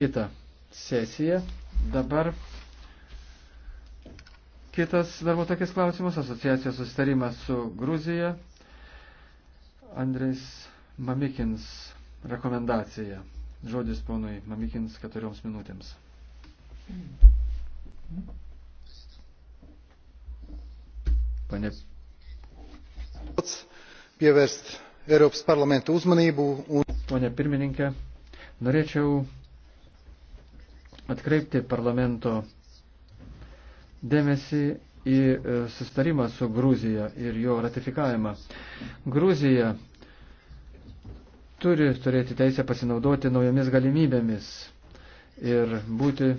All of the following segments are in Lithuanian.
kitą sesiją. Dabar kitas darbo tokias klausimas, asociacijos susitarimas su Gruzija, Andrės Mamikins rekomendacija. Žodis ponui Mamikins keturioms minutėms. Pane. Pievērst Eiropas parlamentu uzmanību un. Pone pirmininkė, norėčiau atkreipti parlamento dėmesį į e, sustarimą su Gruzija ir jo ratifikavimą. Gruzija turi turėti teisę pasinaudoti naujomis galimybėmis ir būti e,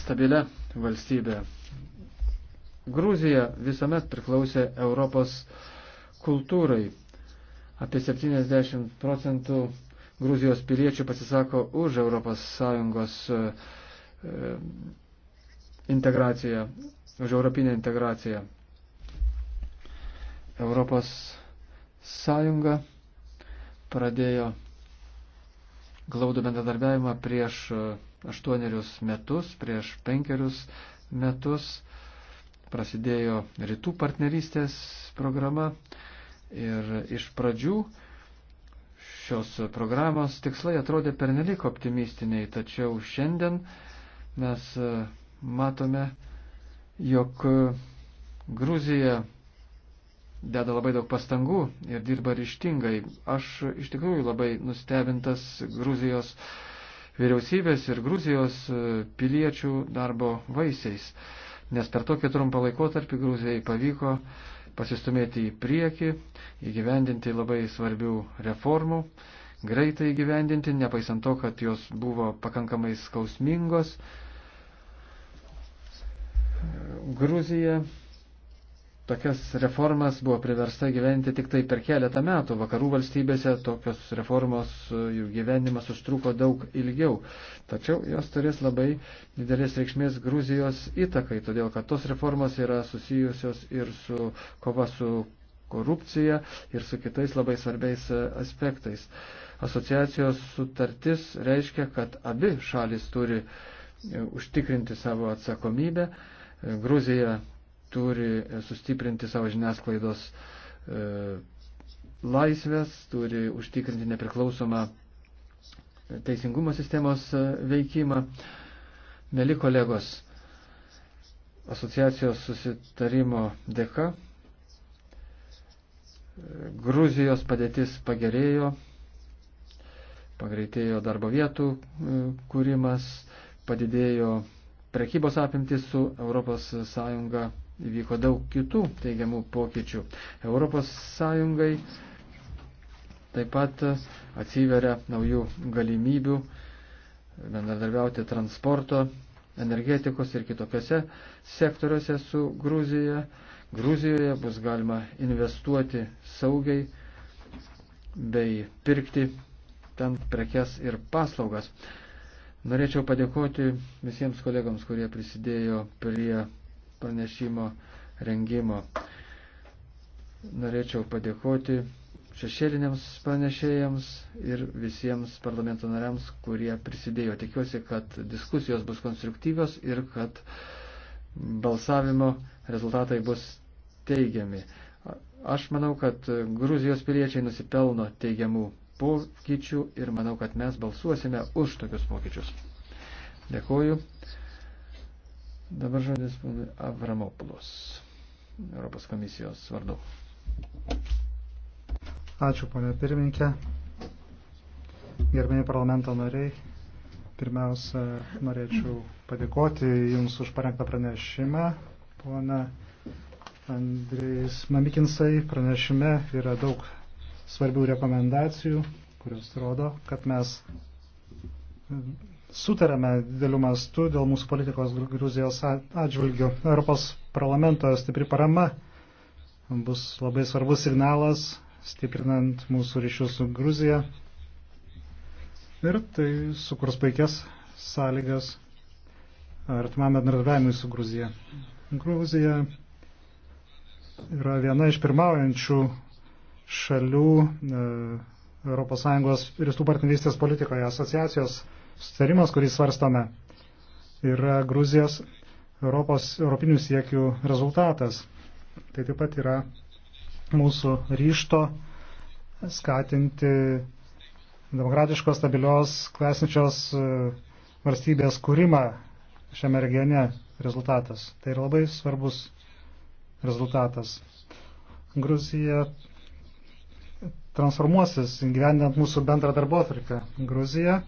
stabilia valstybė. Gruzija visuomet priklausė Europos kultūrai. Apie 70 procentų Gruzijos piliečių pasisako už ES e, e, integraciją, už europinę integraciją. Europos Sąjunga pradėjo glaudų bendradarbiavimą prieš e, aštuonerius metus, prieš penkerius metus prasidėjo rytų partnerystės programa ir iš pradžių šios programos tikslai atrodė pernelik optimistiniai, tačiau šiandien mes e, matome, jog e, Gruzija deda labai daug pastangų ir dirba ryštingai. Aš iš tikrųjų labai nustebintas Gruzijos vyriausybės ir Gruzijos e, piliečių darbo vaisiais, nes per tokį trumpą laikotarpį Gruzijai pavyko uh, pasistumėti į priekį, įgyvendinti labai svarbių reformų, greitai įgyvendinti, nepaisant to, kad jos buvo pakankamai skausmingos. Gruzija tokias reformas buvo priversta gyventi tik tai per keletą metų. Vakarų valstybėse tokios reformos, jų gyvenimas užtruko daug ilgiau. Tačiau jos turės labai didelės reikšmės Gruzijos įtakai, todėl kad tos reformos yra susijusios ir su kova su korupcija ir su kitais labai svarbiais e, aspektais. Asociacijos sutartis reiškia, kad abi šalis turi e, užtikrinti savo atsakomybę. E, Gruzija turi sustiprinti savo žiniasklaidos e, laisvės, turi užtikrinti nepriklausomą teisingumo sistemos e, veikimą. Meli kolegos, asociacijos susitarimo dėka e, Gruzijos padėtis pagerėjo, pagreitėjo darbo vietų e, kūrimas, padidėjo prekybos apimtis su ES įvyko daug kitų teigiamų pokyčių. Europos Sąjungai taip pat atsiveria naujų galimybių bendradarbiauti transporto, energetikos ir kitokiose sektoriuose su Gruzija. Gruzijoje bus galima investuoti saugiai bei pirkti ten prekes ir paslaugas. Norėčiau padėkoti visiems kolegams, kurie prisidėjo prie pranešimo rengimo. Norėčiau padėkoti šešėliniams pranešėjams ir visiems parlamento nariams, kurie prisidėjo. Tikiuosi, kad diskusijos bus konstruktyvios ir kad balsavimo rezultatai bus teigiami. Aš manau, kad Gruzijos piliečiai nusipelno teigiamų pokyčių ir manau, kad mes balsuosime už tokius pokyčius. Dėkuoju. Dabar žodis ponui Avramopoulos, Europos komisijos vardu. Ačiū, ponė pirmininkė. Gerbėjai parlamento nariai, pirmiausia, norėčiau padėkoti Jums už parengtą pranešimą, ponė Andrėjus Mamikinsai. Pranešime yra daug svarbių rekomendacijų, kurios rodo, kad mes sutarėme didelių mastų dėl mūsų politikos Gruzijos atžvilgių. Europos parlamento stipri parama bus labai svarbus signalas, stiprinant mūsų ryšius su Gruzija. Ir tai sukurs puikias sąlygas artimam bendradarbiavimui su Gruzija. Gruzija yra viena iš pirmaujančių šalių ES ir tų partnerystės politikoje asociacijos Sustarimas, kurį svarstome, yra Gruzijos Europos, europinių siekių rezultatas. Tai taip pat yra mūsų ryšto skatinti demokratiškos, stabilios, klesinčios e, valstybės kūrimą šiame regione rezultatas. Tai yra labai svarbus rezultatas. Gruzija transformuosis, gyvendant mūsų bendrą darbo atvarkę. Gruzija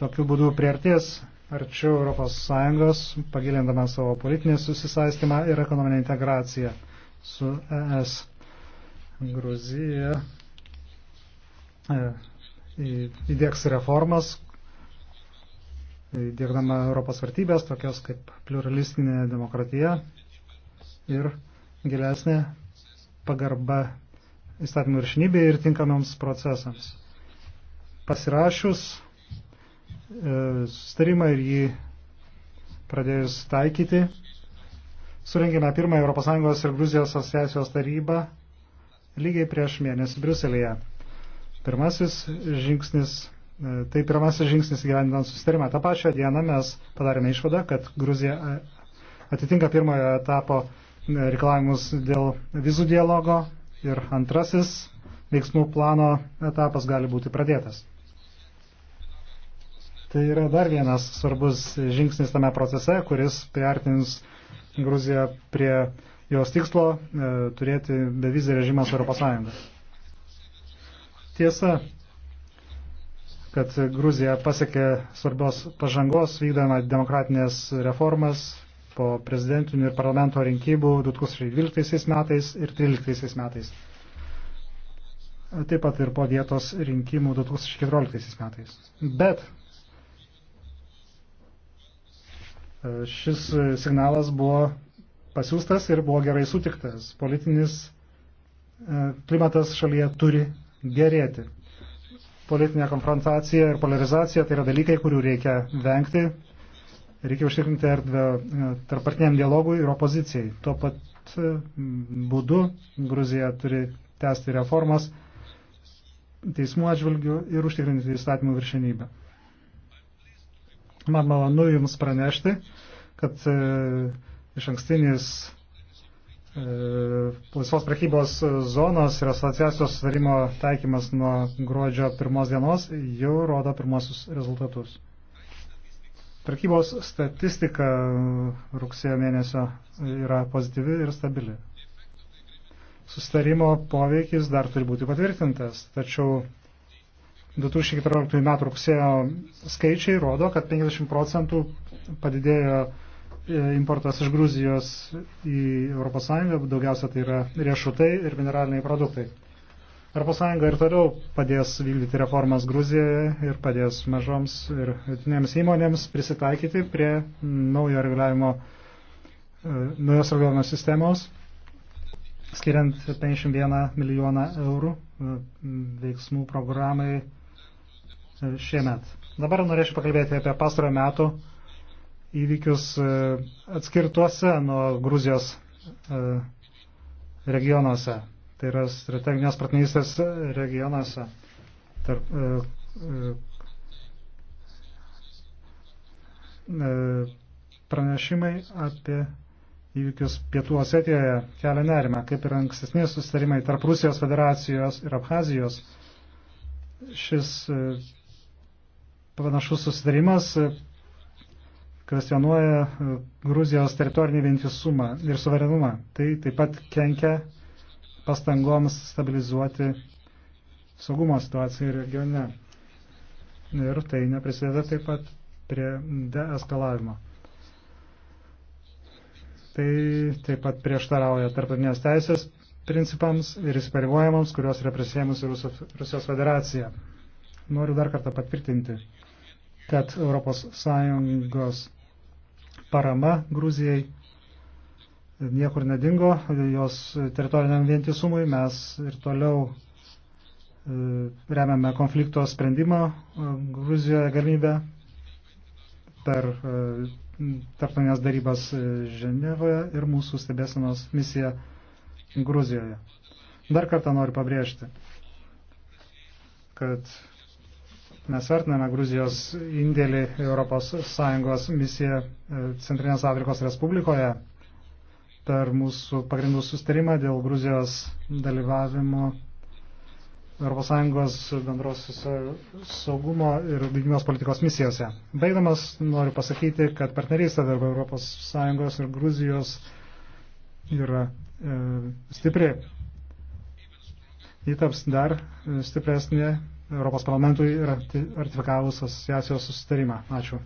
tokiu būdu priartės arčiau ES, pagilindama savo politinį susisaistymą ir ekonominę integraciją su ES. Gruzija e, įdėks reformas, įdėkdama Europos vertybės, tokios kaip pluralistinė demokratija ir gilesnė pagarba įstatymų viršinybė ir tinkamiems procesams. Pasirašius E, sustarimą ir jį pradėjus taikyti. Surengėme pirmąją ES ir Gruzijos asociacijos tarybą lygiai prieš mėnesį Briuselėje. Pirmasis žingsnis, e, tai pirmasis žingsnis gyvendinant susitarimą. Ta pačią dieną mes padarėme išvadą, kad Gruzija e, atitinka pirmojo etapo reikalavimus dėl vizų dialogo ir antrasis veiksmų plano etapas gali būti pradėtas. Tai yra dar vienas svarbus žingsnis tame procese, kuris priartins Gruziją prie jos tikslo e, turėti bevizį režimą su Europos Sąjunga. Tiesa, kad Gruzija pasiekė svarbios pažangos vykdama demokratinės reformas po prezidentinių ir parlamento rinkimų 2012 metais ir 2013 metais. Taip pat ir po vietos rinkimų 2014 metais. Bet E, šis signalas buvo pasiūstas ir buvo gerai sutiktas. Politinis e, klimatas šalyje turi gerėti. Politinė konfrontacija ir polarizacija tai yra dalykai, kurių reikia vengti. Reikia užtikrinti erdvę e, tarp partiniam dialogui ir opozicijai. Tuo pat būdu Gruzija turi tęsti reformas teismų atžvilgių ir užtikrinti įstatymų viršenybę. Man malonu Jums pranešti, kad e, iš ankstinis e, laisvos prekybos zonos ir asociacijos sudarimo taikymas nuo gruodžio pirmos dienos jau rodo pirmosius rezultatus. Prekybos statistika rugsėjo mėnesio yra pozityvi ir stabili. Sustarimo poveikis dar turi būti patvirtintas, tačiau 2014 m. rugsėjo skaičiai rodo, kad 50 procentų padidėjo e, importas iš Gruzijos į ES, daugiausia tai yra riešutai ir mineraliniai produktai. ES ir toliau padės vykdyti reformas Gruzijoje ir padės mažoms ir vidutinėms įmonėms prisitaikyti prie naujo reguliavimo, e, naujos reguliavimo sistemos, skiriant 51 milijoną eurų e, veiksmų programai šiemet. Dabar norėčiau pakalbėti apie pastarojo metų įvykius e, atskirtuose nuo Gruzijos e, regionuose. Tai yra strateginės partnerystės regionuose. Tarp, e, pranešimai apie įvykius Pietų Osetijoje kelia nerima, kaip ir ankstesnės susitarimai tarp Rusijos federacijos ir Abhazijos. Šis panašus susidarimas e, kvestionuoja e, Gruzijos teritorinį vientisumą ir suverenumą. Tai taip pat kenkia pastangoms stabilizuoti saugumo situaciją regione. Ir tai neprisideda taip pat prie deeskalavimo. Tai taip pat prieštarauja tarptautinės teisės principams ir įsipareigojimams, kuriuos yra prisėmusi Rusijos federacija. Noriu dar kartą patvirtinti, kad ES parama Gruzijai niekur nedingo, jos teritoriniam vientisumui mes ir toliau e, remiame konflikto sprendimo e, Gruzijoje galimybę per e, tarptautinės darybas Ženevoje ir mūsų stebėsenos misiją Gruzijoje. Dar kartą noriu pabrėžti, kad Mes vertiname Gruzijos indėlį ES misiją e, Centrinės Afrikos Respublikoje per mūsų pagrindų sustarimą dėl Gruzijos dalyvavimo ES bendros e, saugumo ir gynybos politikos misijose. Baigdamas noriu pasakyti, kad partnerystė tarp ES ir Gruzijos yra e, stipri. Ji taps dar e, stipresnė Europos parlamentui ratifikavus asociacijos susitarimą. Ačiū.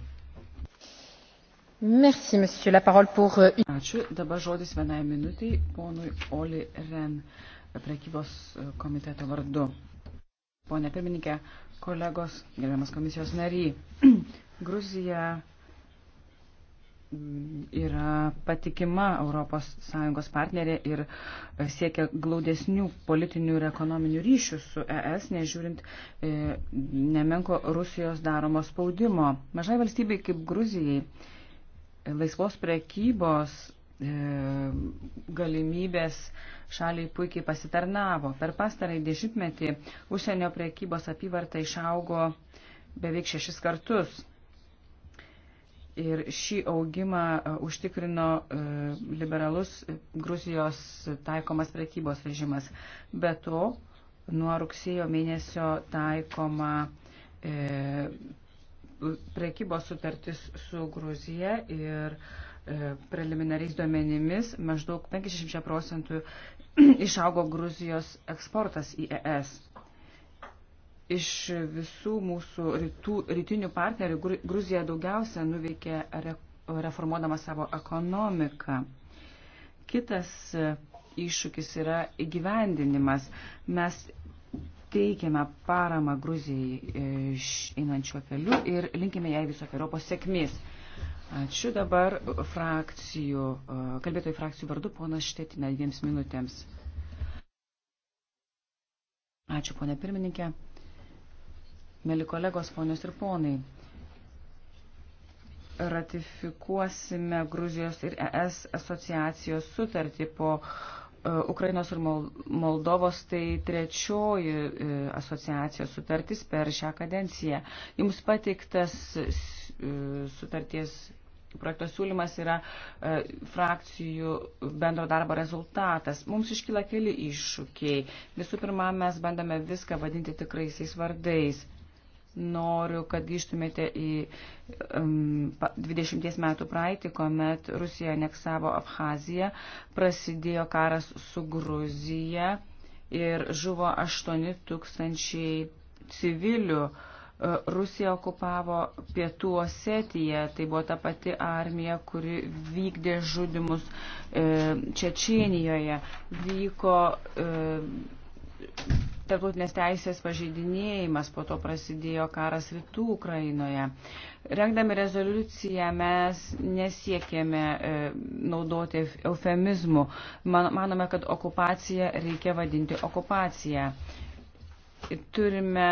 Merci, monsieur. La parole pour... Euh, Ačiū. Dabar žodis vienai minutai ponui Oli Ren, prekybos e, komiteto vardu. Pone pirmininkė, kolegos, gerbiamas komisijos nariai. Gruzija yra patikima ES partnerė ir siekia glaudesnių politinių ir ekonominių ryšių su ES, nežiūrint e, nemenko Rusijos daromo spaudimo. Mažai valstybei kaip Gruzijai e, laisvos prekybos e, galimybės šaliai puikiai pasitarnavo. Per pastarąjį dešimtmetį užsienio prekybos apyvarta išaugo beveik šešis kartus Ir šį augimą e, užtikrino e, liberalus e, Gruzijos taikomas prekybos režimas. Be to, nuo rugsėjo mėnesio taikoma prekybos sutartis su Gruzija ir preliminariais duomenimis maždaug 50 procentų išaugo Gruzijos eksportas į ES iš visų mūsų rytų, rytinių partnerių Gruzija daugiausia nuveikė re, reformuodama savo ekonomiką. Kitas e, iššūkis yra įgyvendinimas. Mes teikiame paramą Gruzijai e, einančiuo keliu ir linkime jai visokiojo sėkmės. Ačiū dabar frakcijų, e, kalbėtojų frakcijų vardu ponas Štetina dviems minutėms. Ačiū, ponė pirmininkė. Mėly kolegos, ponios ir ponai, ratifikuosime Gruzijos ir ES asociacijos sutartį po e, Ukrainos ir Moldovos, tai trečioji e, asociacijos sutartis per šią kadenciją. Jums pateiktas e, sutarties projekto siūlymas yra frakcijų bendro darbo rezultatas. Mums iškyla keli iššūkiai. Visų pirma, mes bandome viską vadinti tikraisiais vardais noriu, kad grįžtumėte į um, 20 metų praeitį, kuomet Rusija aneksavo Abhaziją, prasidėjo karas su Gruzija ir žuvo 8 tūkstančiai civilių. E, Rusija okupavo pietų Osetiją, tai buvo ta pati armija, kuri vykdė žudimus e, Čečinijoje. Vyko e, tarptautinės teisės pažeidinėjimas, po to prasidėjo karas rytų Ukrainoje. Rengdami rezoliuciją mes nesiekėme e, naudoti eufemizmų. Man, manome, kad okupaciją reikia vadinti okupaciją. Turime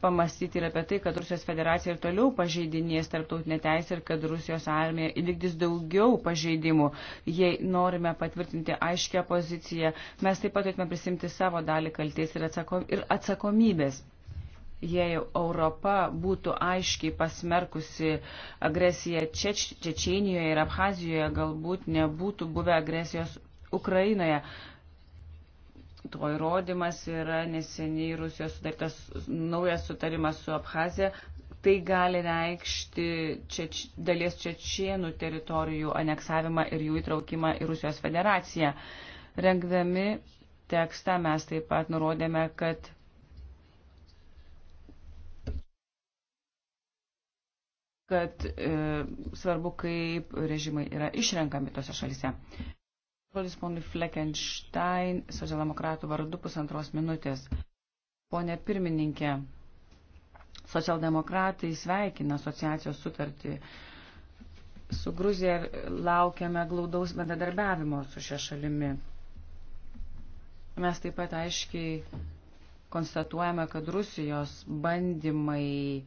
pamastyti ir apie tai, kad Rusijos federacija ir toliau pažeidinės tarptautinę teisę ir kad Rusijos armija įvykdys daugiau pažeidimų. Jei norime patvirtinti aiškę poziciją, mes taip pat turėtume prisimti savo dalį kalties ir, atsako, ir atsakomybės. Jei Europa būtų aiškiai pasmerkusi agresiją Čeč, Čečenijoje ir Abhazijoje, galbūt nebūtų buvę agresijos Ukrainoje. To įrodymas yra neseniai Rusijos sudarytas naujas sutarimas su Abhazija. Tai gali reikšti čeč, dalies čečienų teritorijų aneksavimą ir jų įtraukimą į Rusijos federaciją. Rengdami tekstą mes taip pat nurodėme, kad kad e, svarbu, kaip režimai yra išrenkami tose šalise. Žodis ponui Fleckenstein, socialdemokratų vardu pusantros minutės. Pone pirmininkė, socialdemokratai sveikina asociacijos sutartį su Gruzija ir laukiame glaudaus bendradarbiavimo su šia šalimi. Mes taip pat aiškiai konstatuojame, kad Rusijos bandymai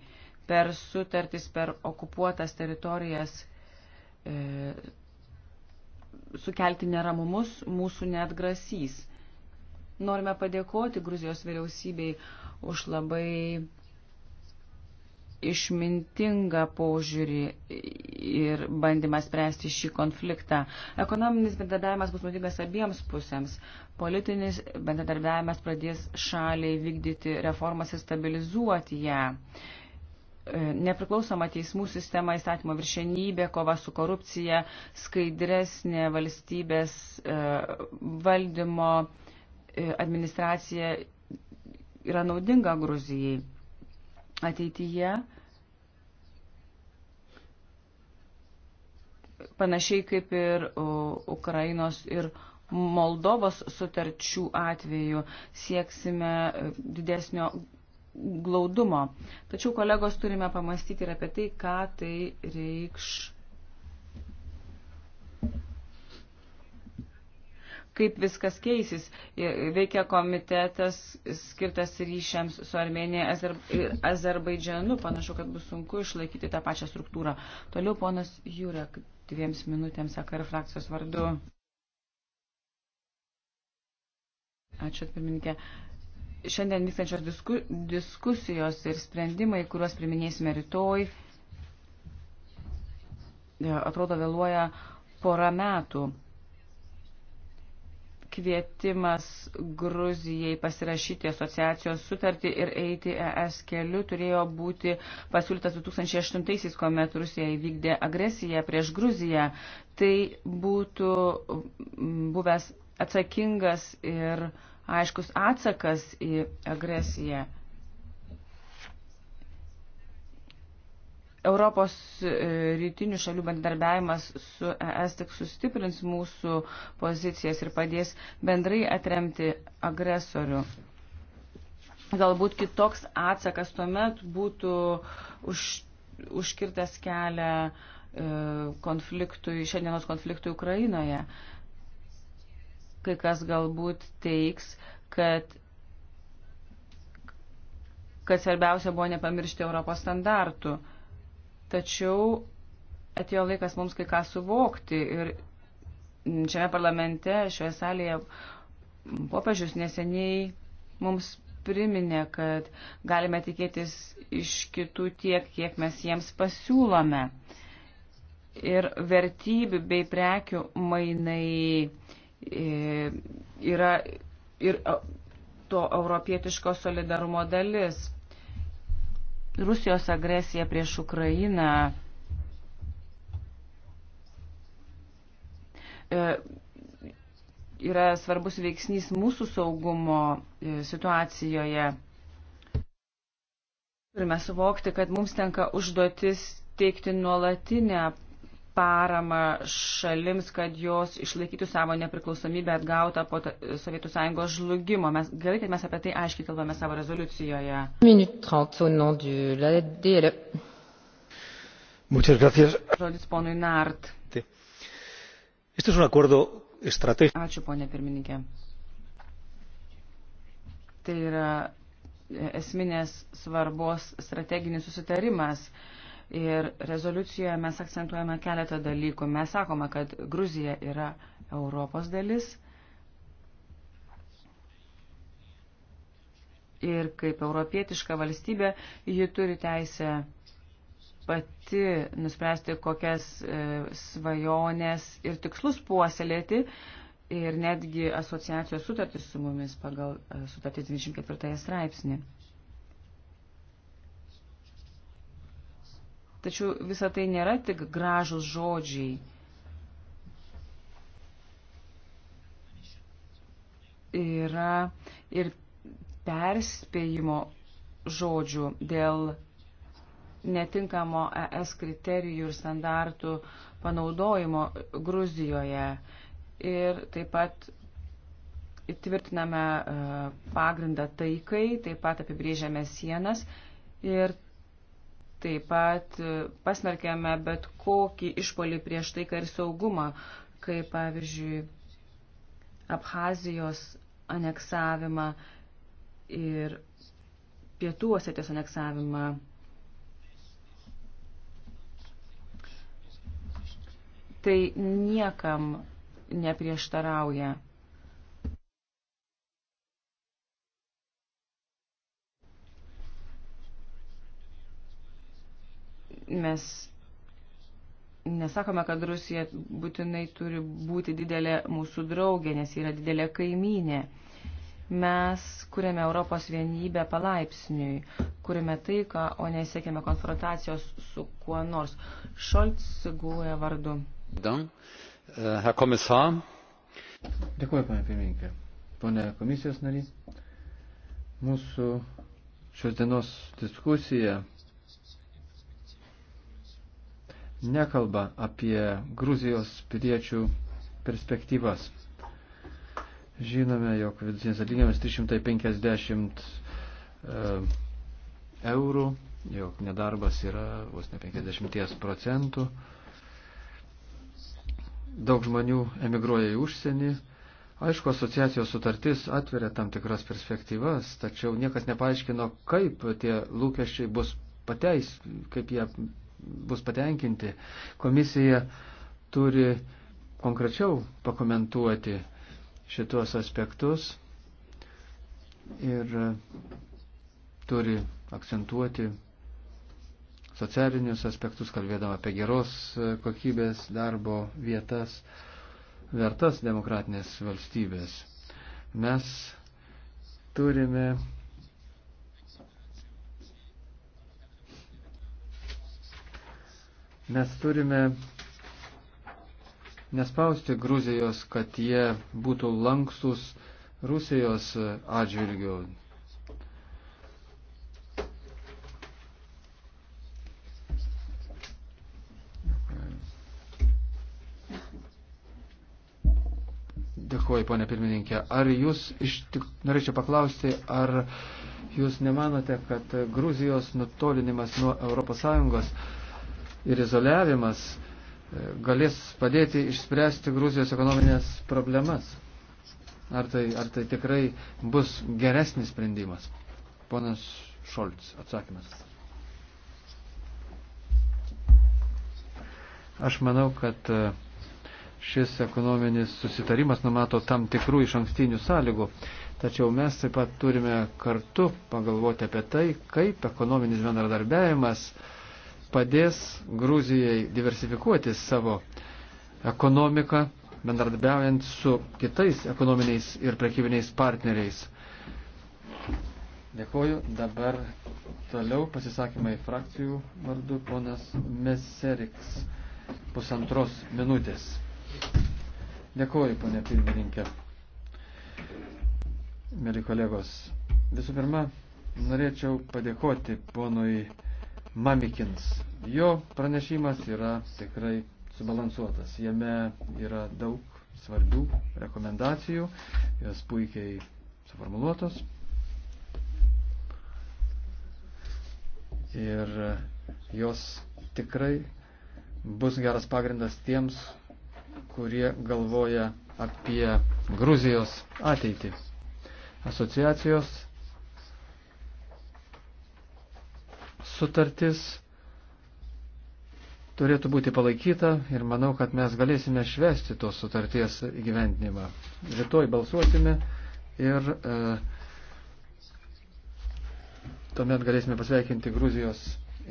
per sutartis, per okupuotas teritorijas e, sukelti neramumus mūsų netgrasys. Norime padėkoti Gruzijos vyriausybei už labai išmintingą požiūrį ir bandymą spręsti šį konfliktą. Ekonominis bendradarbiavimas bus naudingas abiems pusėms. Politinis bendradarbiavimas pradės šaliai vykdyti reformas ir stabilizuoti ją. E, nepriklausoma teismų sistema, įstatymo viršenybė, kova su korupcija, skaidresnė valstybės e, valdymo e, administracija yra naudinga Gruzijai. Ateityje panašiai kaip ir Ukrainos ir Moldovos sutarčių atveju sieksime didesnio glaudumo. Tačiau kolegos turime pamastyti ir apie tai, ką tai reikš. Kaip viskas keisis. Veikia komitetas skirtas ryšiams su Armenija ir Azerbaidžianu. Panašu, kad bus sunku išlaikyti tą pačią struktūrą. Toliau ponas Jurek dviems minutėms AKR frakcijos vardu. Ačiū, pirmininkė šiandien vykstančios disku, diskusijos ir sprendimai, kuriuos priminėsime rytoj, e, atrodo vėluoja porą metų. Kvietimas Gruzijai pasirašyti asociacijos sutartį ir eiti ES keliu turėjo būti pasiūlytas 2008-aisiais, kuomet Rusija įvykdė agresiją prieš Gruziją. Tai būtų buvęs atsakingas ir uh, aiškus atsakas į agresiją. Europos e, rytinių šalių bendarbiavimas su ES tik sustiprins mūsų pozicijas ir padės bendrai atremti agresorių. Galbūt kitoks atsakas tuomet būtų už, užkirtas kelią e, konfliktui, šiandienos konfliktui Ukrainoje. E, kai kas galbūt teiks, kad, kad svarbiausia buvo nepamiršti Europos standartų. Tačiau atėjo laikas mums kai ką suvokti ir šiame parlamente, šioje salėje popiežius neseniai mums priminė, kad galime tikėtis iš kitų tiek, kiek mes jiems pasiūlome. Ir vertybių bei prekių mainai E, yra ir e, to europietiško solidarumo dalis. Rusijos agresija prieš Ukrainą e, yra svarbus veiksnys mūsų saugumo situacijoje. Turime suvokti, kad mums tenka užduotis teikti nuolatinę paramą šalims, kad jos išlaikytų savo nepriklausomybę atgautą po Sovietų Sąjungos žlugimo. Mes, gerai, kad mes apie tai aiškiai kalbame savo rezoliucijoje. E. Žodis ponui Nart. Ačiū, ponė pirmininkė. Tai yra e, esminės svarbos strateginis susitarimas. Uh, Ir rezoliucijoje mes akcentuojame keletą dalykų. Mes sakome, kad Gruzija yra Europos dalis. Ir kaip europietiška valstybė, ji turi teisę pati nuspręsti, kokias e, svajonės ir tikslus puoselėti. Ir netgi asociacijos sutartis su mumis pagal e, sutartis 24 straipsnį. Tačiau visa tai nėra tik gražus žodžiai. Yra ir perspėjimo žodžių dėl netinkamo ES kriterijų ir standartų panaudojimo Gruzijoje. Ir taip pat tvirtiname e, pagrindą taikai, taip pat apibrėžiame sienas ir Taip pat e, pasmerkėme bet kokį išpolį prieš taiką ir saugumą, kaip pavyzdžiui Abhazijos aneksavimą ir pietų Osetijos aneksavimą. Tai niekam neprieštarauja. Mes nesakome, kad Rusija būtinai turi būti didelė mūsų draugė, nes yra didelė kaimynė. Mes kuriame Europos vienybę palaipsniui, kuriame taiką, o nesiekime konfrontacijos su kuo nors. Šolc guoja vardu. Dan, e, Herr Kommissar. Dėkuoju, pane pirmininkė. Pone komisijos narys, mūsų šios dienos diskusija nekalba apie Gruzijos piliečių perspektyvas. Žinome, jog vidutinis atlyginimas 350 e, eurų, jog nedarbas yra vos ne 50 procentų. Daug žmonių emigruoja į užsienį. Aišku, asociacijos sutartis atveria tam tikras perspektyvas, tačiau niekas nepaaiškino, kaip tie lūkesčiai bus pateis, kaip jie bus patenkinti. Komisija turi konkrečiau pakomentuoti šitos aspektus ir turi akcentuoti socialinius aspektus, kalbėdama apie geros kokybės darbo vietas, vertas demokratinės valstybės. Mes turime Mes turime nespausti Gruzijos, kad jie būtų lankstus Rusijos atžvilgių. Dėkuoju, ponė pirmininkė. Ar jūs, iš tik norėčiau paklausti, ar jūs nemanote, kad Gruzijos nutolinimas nuo ES ir izoliavimas e, galės padėti išspręsti Gruzijos ekonominės problemas. Ar tai, ar tai tikrai bus geresnis sprendimas? Ponas Šolts, atsakymas. Aš manau, kad e, šis ekonominis susitarimas numato tam tikrų iš ankstinių sąlygų, tačiau mes taip pat turime kartu pagalvoti apie tai, kaip ekonominis bendradarbiavimas uh, padės Gruzijai diversifikuoti savo ekonomiką, bendradarbiaujant su kitais ekonominiais ir prekybiniais partneriais. Dėkoju. Dabar toliau pasisakymai frakcijų vardu ponas Meseriks. Pusantros minutės. Dėkoju, ponė pirmininkė. Mėly kolegos, visų pirma, norėčiau padėkoti ponui Mamikins. Jo pranešimas yra tikrai subalansuotas. Jame yra daug svarbių rekomendacijų, jos puikiai suformuluotos. Ir jos tikrai bus geras pagrindas tiems, kurie galvoja apie Gruzijos ateitį. Asociacijos sutartis turėtų būti palaikyta ir manau, kad mes galėsime švesti tos sutarties įgyvendinimą. Rytoj balsuosime ir e, tuomet galėsime pasveikinti Gruzijos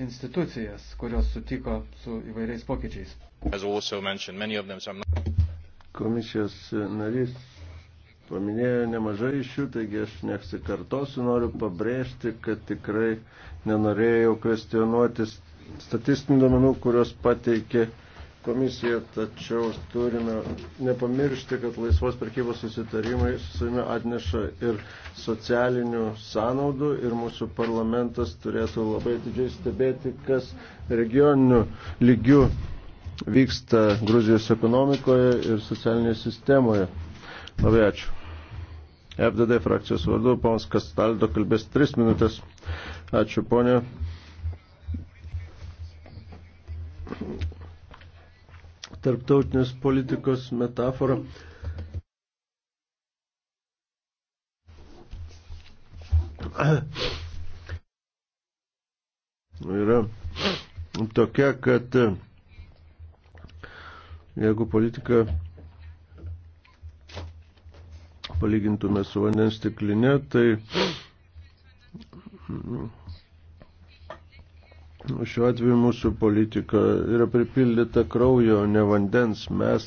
institucijas, kurios sutiko su įvairiais pokyčiais. Komisijos narys paminėjo nemažai iš jų, taigi aš neksikartosiu, noriu pabrėžti, kad tikrai nenorėjau kvestionuoti statistinių domenų, kurios pateikė komisija, tačiau turime nepamiršti, kad laisvos prekybos susitarimai susime atneša ir socialinių sąnaudų ir mūsų parlamentas turėtų labai didžiai stebėti, kas regioninių lygių vyksta Gruzijos ekonomikoje ir socialinėje sistemoje. Labai ačiū. FDD frakcijos vardu, ponas Kastaldo kalbės 3 minutės. Ačiū, ponė. Tarptautinės politikos metafora. Yra tokia, kad jeigu politika palygintume su vandens stiklinė, tai šiuo atveju mūsų politika yra pripildyta kraujo, ne vandens. Mes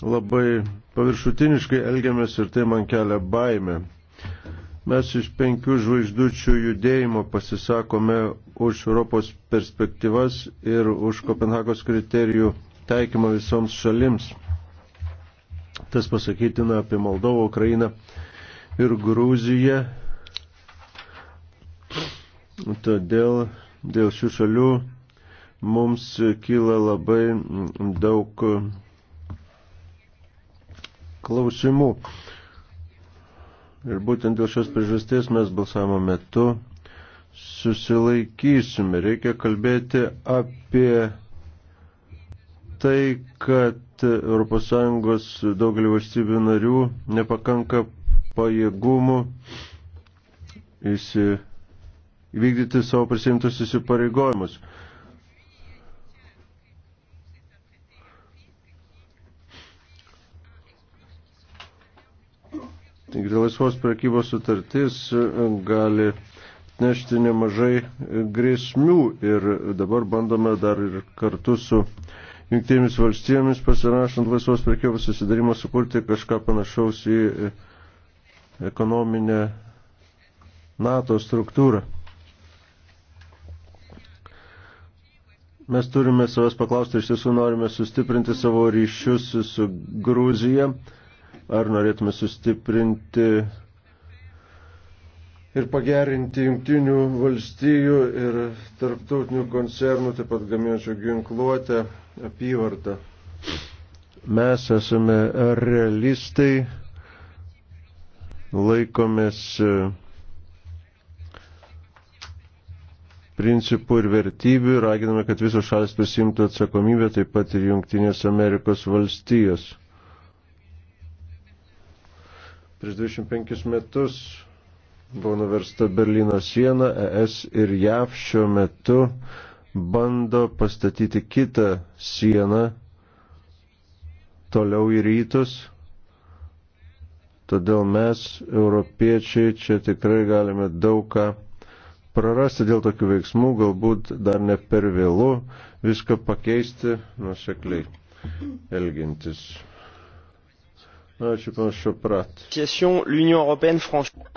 labai paviršutiniškai elgiamės ir tai man kelia baimę. Mes iš penkių žvaigždučių judėjimo pasisakome už Europos perspektyvas ir už Kopenhagos kriterijų taikymą visoms šalims. Tas pasakytina apie Moldovą, Ukrainą ir Gruziją. Todėl dėl šių šalių mums kyla labai daug klausimų. Ir būtent dėl šios priežasties mes balsavimo metu susilaikysime. Reikia kalbėti apie tai, kad kad ES daugelį valstybių narių nepakanka pajėgumų įvykdyti savo prisimtus įsipareigojimus. Tik laisvos prekybos sutartis e, gali nešti nemažai e, grėsmių ir dabar bandome dar ir kartu su jungtinėmis valstybėmis pasirašant laisvos prekybos susidarimą sukurti kažką panašaus į e, ekonominę NATO struktūrą. Mes turime savęs paklausti, iš tiesų norime sustiprinti savo ryšius su Gruzija, ar norėtume sustiprinti ir pagerinti jungtinių valstijų ir tarptautinių koncernų, taip pat gaminančių ginkluotę apyvartą. Mes esame realistai, laikomės e, principų ir vertybių ir raginame, kad visos šalis prisimtų atsakomybę, taip pat ir Junktinės Amerikos valstijos. Prieš 25 metus buvo nuversta Berlyno siena, ES ir JAV šiuo metu bando pastatyti kitą sieną toliau į rytus. Todėl mes, europiečiai, čia tikrai galime daug ką prarasti dėl tokių veiksmų, galbūt dar ne per vėlu viską pakeisti nusekliai elgintis. Ačiū, panašu, prat.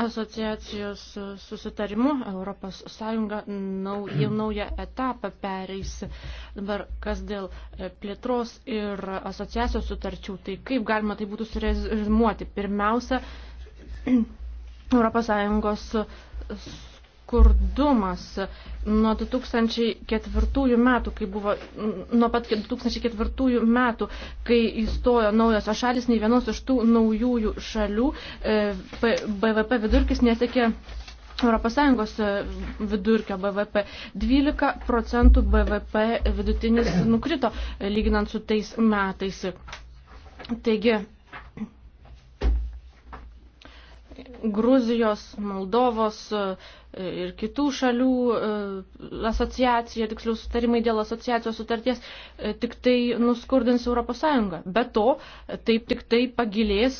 Asociacijos susitarimu Europos Sąjunga nau, jau naują etapą pereis. Dabar kas dėl e, plėtros ir asociacijos sutarčių, tai kaip galima tai būtų surezumuoti? Pirmiausia, Europos Sąjungos skurdumas nuo 2004 metų, kai buvo, nuo pat 2004 metų, kai įstojo naujosios šalis, nei vienos iš tų naujųjų šalių BVP e, vidurkis nesiekė ES e, vidurkio BVP 12 procentų BVP vidutinis nukrito e, lyginant su tais metais. Taigi, Gruzijos, Moldovos e, ir kitų šalių e, asociacija, tiksliau sutarimai dėl asociacijos sutarties, e, tik tai nuskurdins ES. Be to, taip tik tai pagilės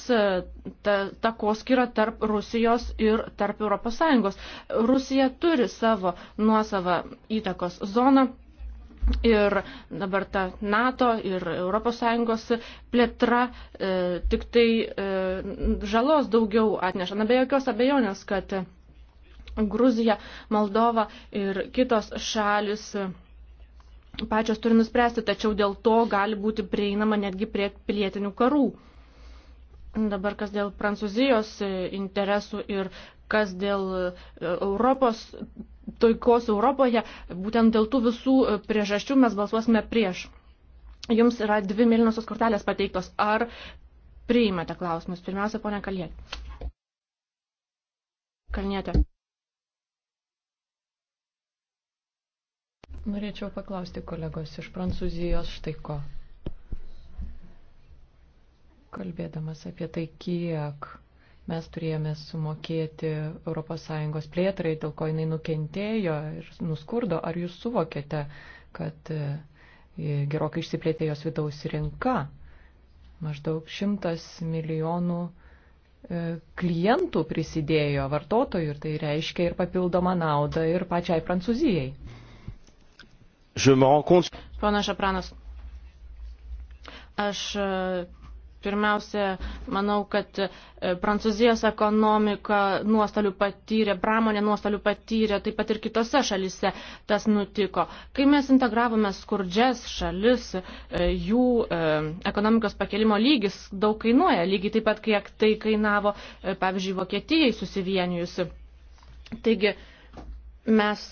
ta, ta koskira tarp Rusijos ir tarp ES. Rusija turi savo nuosavą įtakos zoną ir dabar ta NATO ir ES plėtra e, tik tai e, žalos daugiau atneša. Na, be jokios abejonės, kad Gruzija, Moldova ir kitos šalis pačios turi nuspręsti, tačiau dėl to gali būti prieinama netgi prie pilietinių karų. Dabar kas dėl Prancūzijos interesų ir kas dėl Europos taikos Europoje, būtent dėl tų visų e, priežasčių mes balsuosime prieš. Jums yra dvi mėlynosios kortelės pateiktos. Ar priimate klausimus? Pirmiausia, ponia Kalnietė. Kalnietė. Norėčiau paklausti kolegos iš Prancūzijos štai ko. Kalbėdamas apie tai, kiek mes turėjome sumokėti ES plėtrai, dėl ko jinai nukentėjo ir nuskurdo. Ar jūs suvokėte, kad e, gerokai išsiplėtė jos vidaus rinka? Maždaug šimtas milijonų e, klientų prisidėjo vartotojų ir tai reiškia ir papildomą naudą ir pačiai Prancūzijai. Pana Šapranas, aš Pirmiausia, manau, kad e, Prancūzijos ekonomika nuostolių patyrė, pramonė nuostolių patyrė, taip pat ir kitose šalise tas nutiko. Kai mes integravome skurdžias šalis, e, jų e, ekonomikos pakelimo lygis daug kainuoja, lygiai taip pat, kiek tai kainavo, pavyzdžiui, Vokietijai susivienijus. Taigi, mes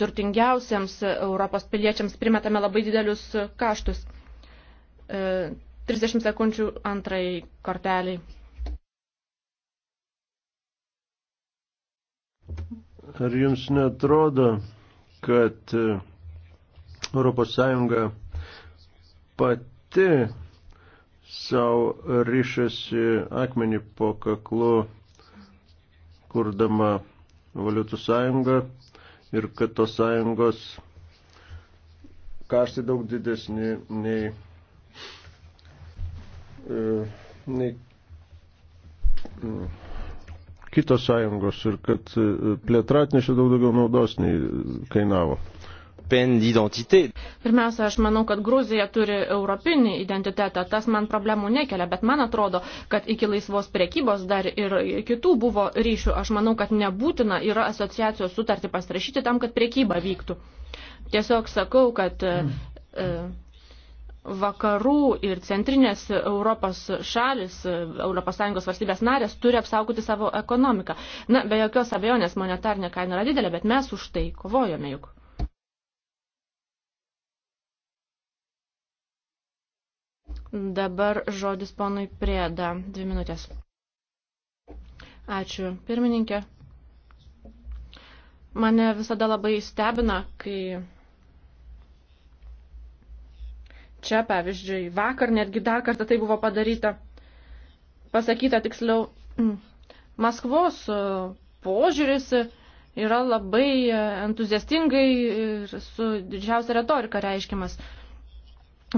turtingiausiems Europos piliečiams primetame labai didelius kaštus. 30 e, sekundžių antrai korteliai. Ar jums netrodo, kad ES pati savo ryšasi akmenį po kaklu, kurdama valiutų sąjungą ir kad tos sąjungos kaštai daug didesni nei E, nei mm, kitos sąjungos ir kad e, plėtra atnešė daug daugiau naudos nei kainavo. Pirmiausia, aš manau, kad Gruzija turi europinį identitetą, tas man problemų nekelia, bet man atrodo, kad iki laisvos priekybos dar ir kitų buvo ryšių. Aš manau, kad nebūtina yra asociacijos sutartį pasirašyti tam, kad priekyba vyktų. Tiesiog sakau, kad e, e vakarų ir centrinės Europos šalis, ES valstybės narės turi apsaugoti savo ekonomiką. Na, be jokios abejonės monetarinė kaina yra didelė, bet mes už tai kovojome juk. Dabar žodis ponui prieda. Dvi minutės. Ačiū, pirmininkė. Mane visada labai stebina, kai Čia, pavyzdžiui, vakar netgi dar kartą tai buvo padaryta, pasakyta tiksliau, mm, Maskvos e, požiūris yra labai entuziastingai ir su didžiausia retorika reiškiamas.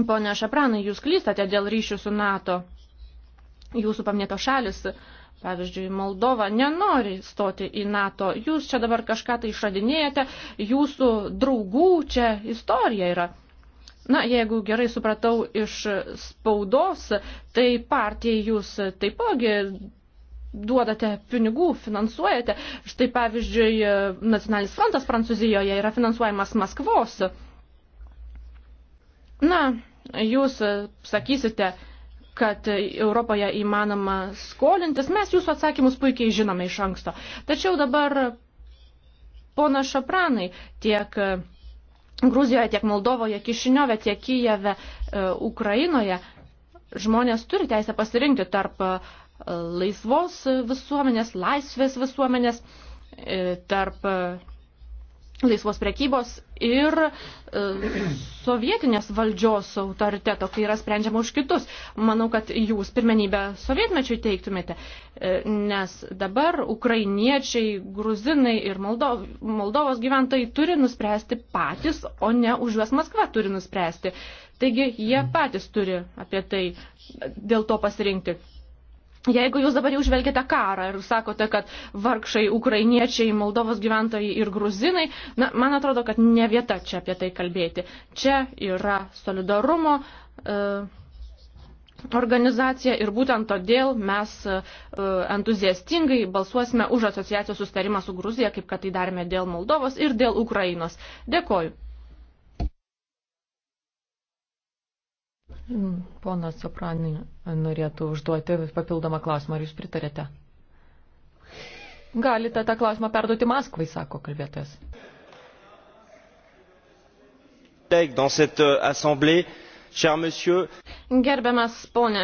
Pone Šapranai, jūs klystate dėl ryšių su NATO. Jūsų paminėto šalis, pavyzdžiui, Moldova, nenori stoti į NATO. Jūs čia dabar kažką tai išradinėjate, jūsų draugų čia istorija yra. Na, jeigu gerai supratau iš spaudos, tai partijai jūs taipogi duodate pinigų, finansuojate. Štai pavyzdžiui, nacionalinis frontas Prancūzijoje yra finansuojamas Maskvos. Na, jūs sakysite, kad Europoje įmanoma skolintis. Mes jūsų atsakymus puikiai žinome iš anksto. Tačiau dabar, pona Šapranai, tiek Gruzijoje, tiek Moldovoje, Kišiniove, tiek Kijeve, e, Ukrainoje žmonės turi teisę pasirinkti tarp e, laisvos e, visuomenės, laisvės visuomenės, tarp laisvos prekybos ir e, sovietinės valdžios autoriteto, kai yra sprendžiama už kitus. Manau, kad jūs pirmenybę sovietmečiui teiktumėte, e, nes dabar ukrainiečiai, gruzinai ir Moldo, Moldovos gyventojai turi nuspręsti patys, o ne už juos Maskva turi nuspręsti. Taigi jie patys turi apie tai dėl to pasirinkti. Jeigu jūs dabar jau žvelgiate karą ir sakote, kad vargšai ukrainiečiai, Moldovos gyventojai ir gruzinai, na, man atrodo, kad ne vieta čia apie tai kalbėti. Čia yra solidarumo e, organizacija ir būtent todėl mes e, entuziastingai balsuosime už asociacijos sustarimą su Gruzija, kaip kad tai darėme dėl Moldovos ir dėl Ukrainos. Dėkoju. Ponas Sopranai norėtų užduoti papildomą klausimą. Ar jūs pritarėte? Galite tą klausimą perduoti Maskvai, sako kalbėtojas. Euh, Gerbiamas ponė,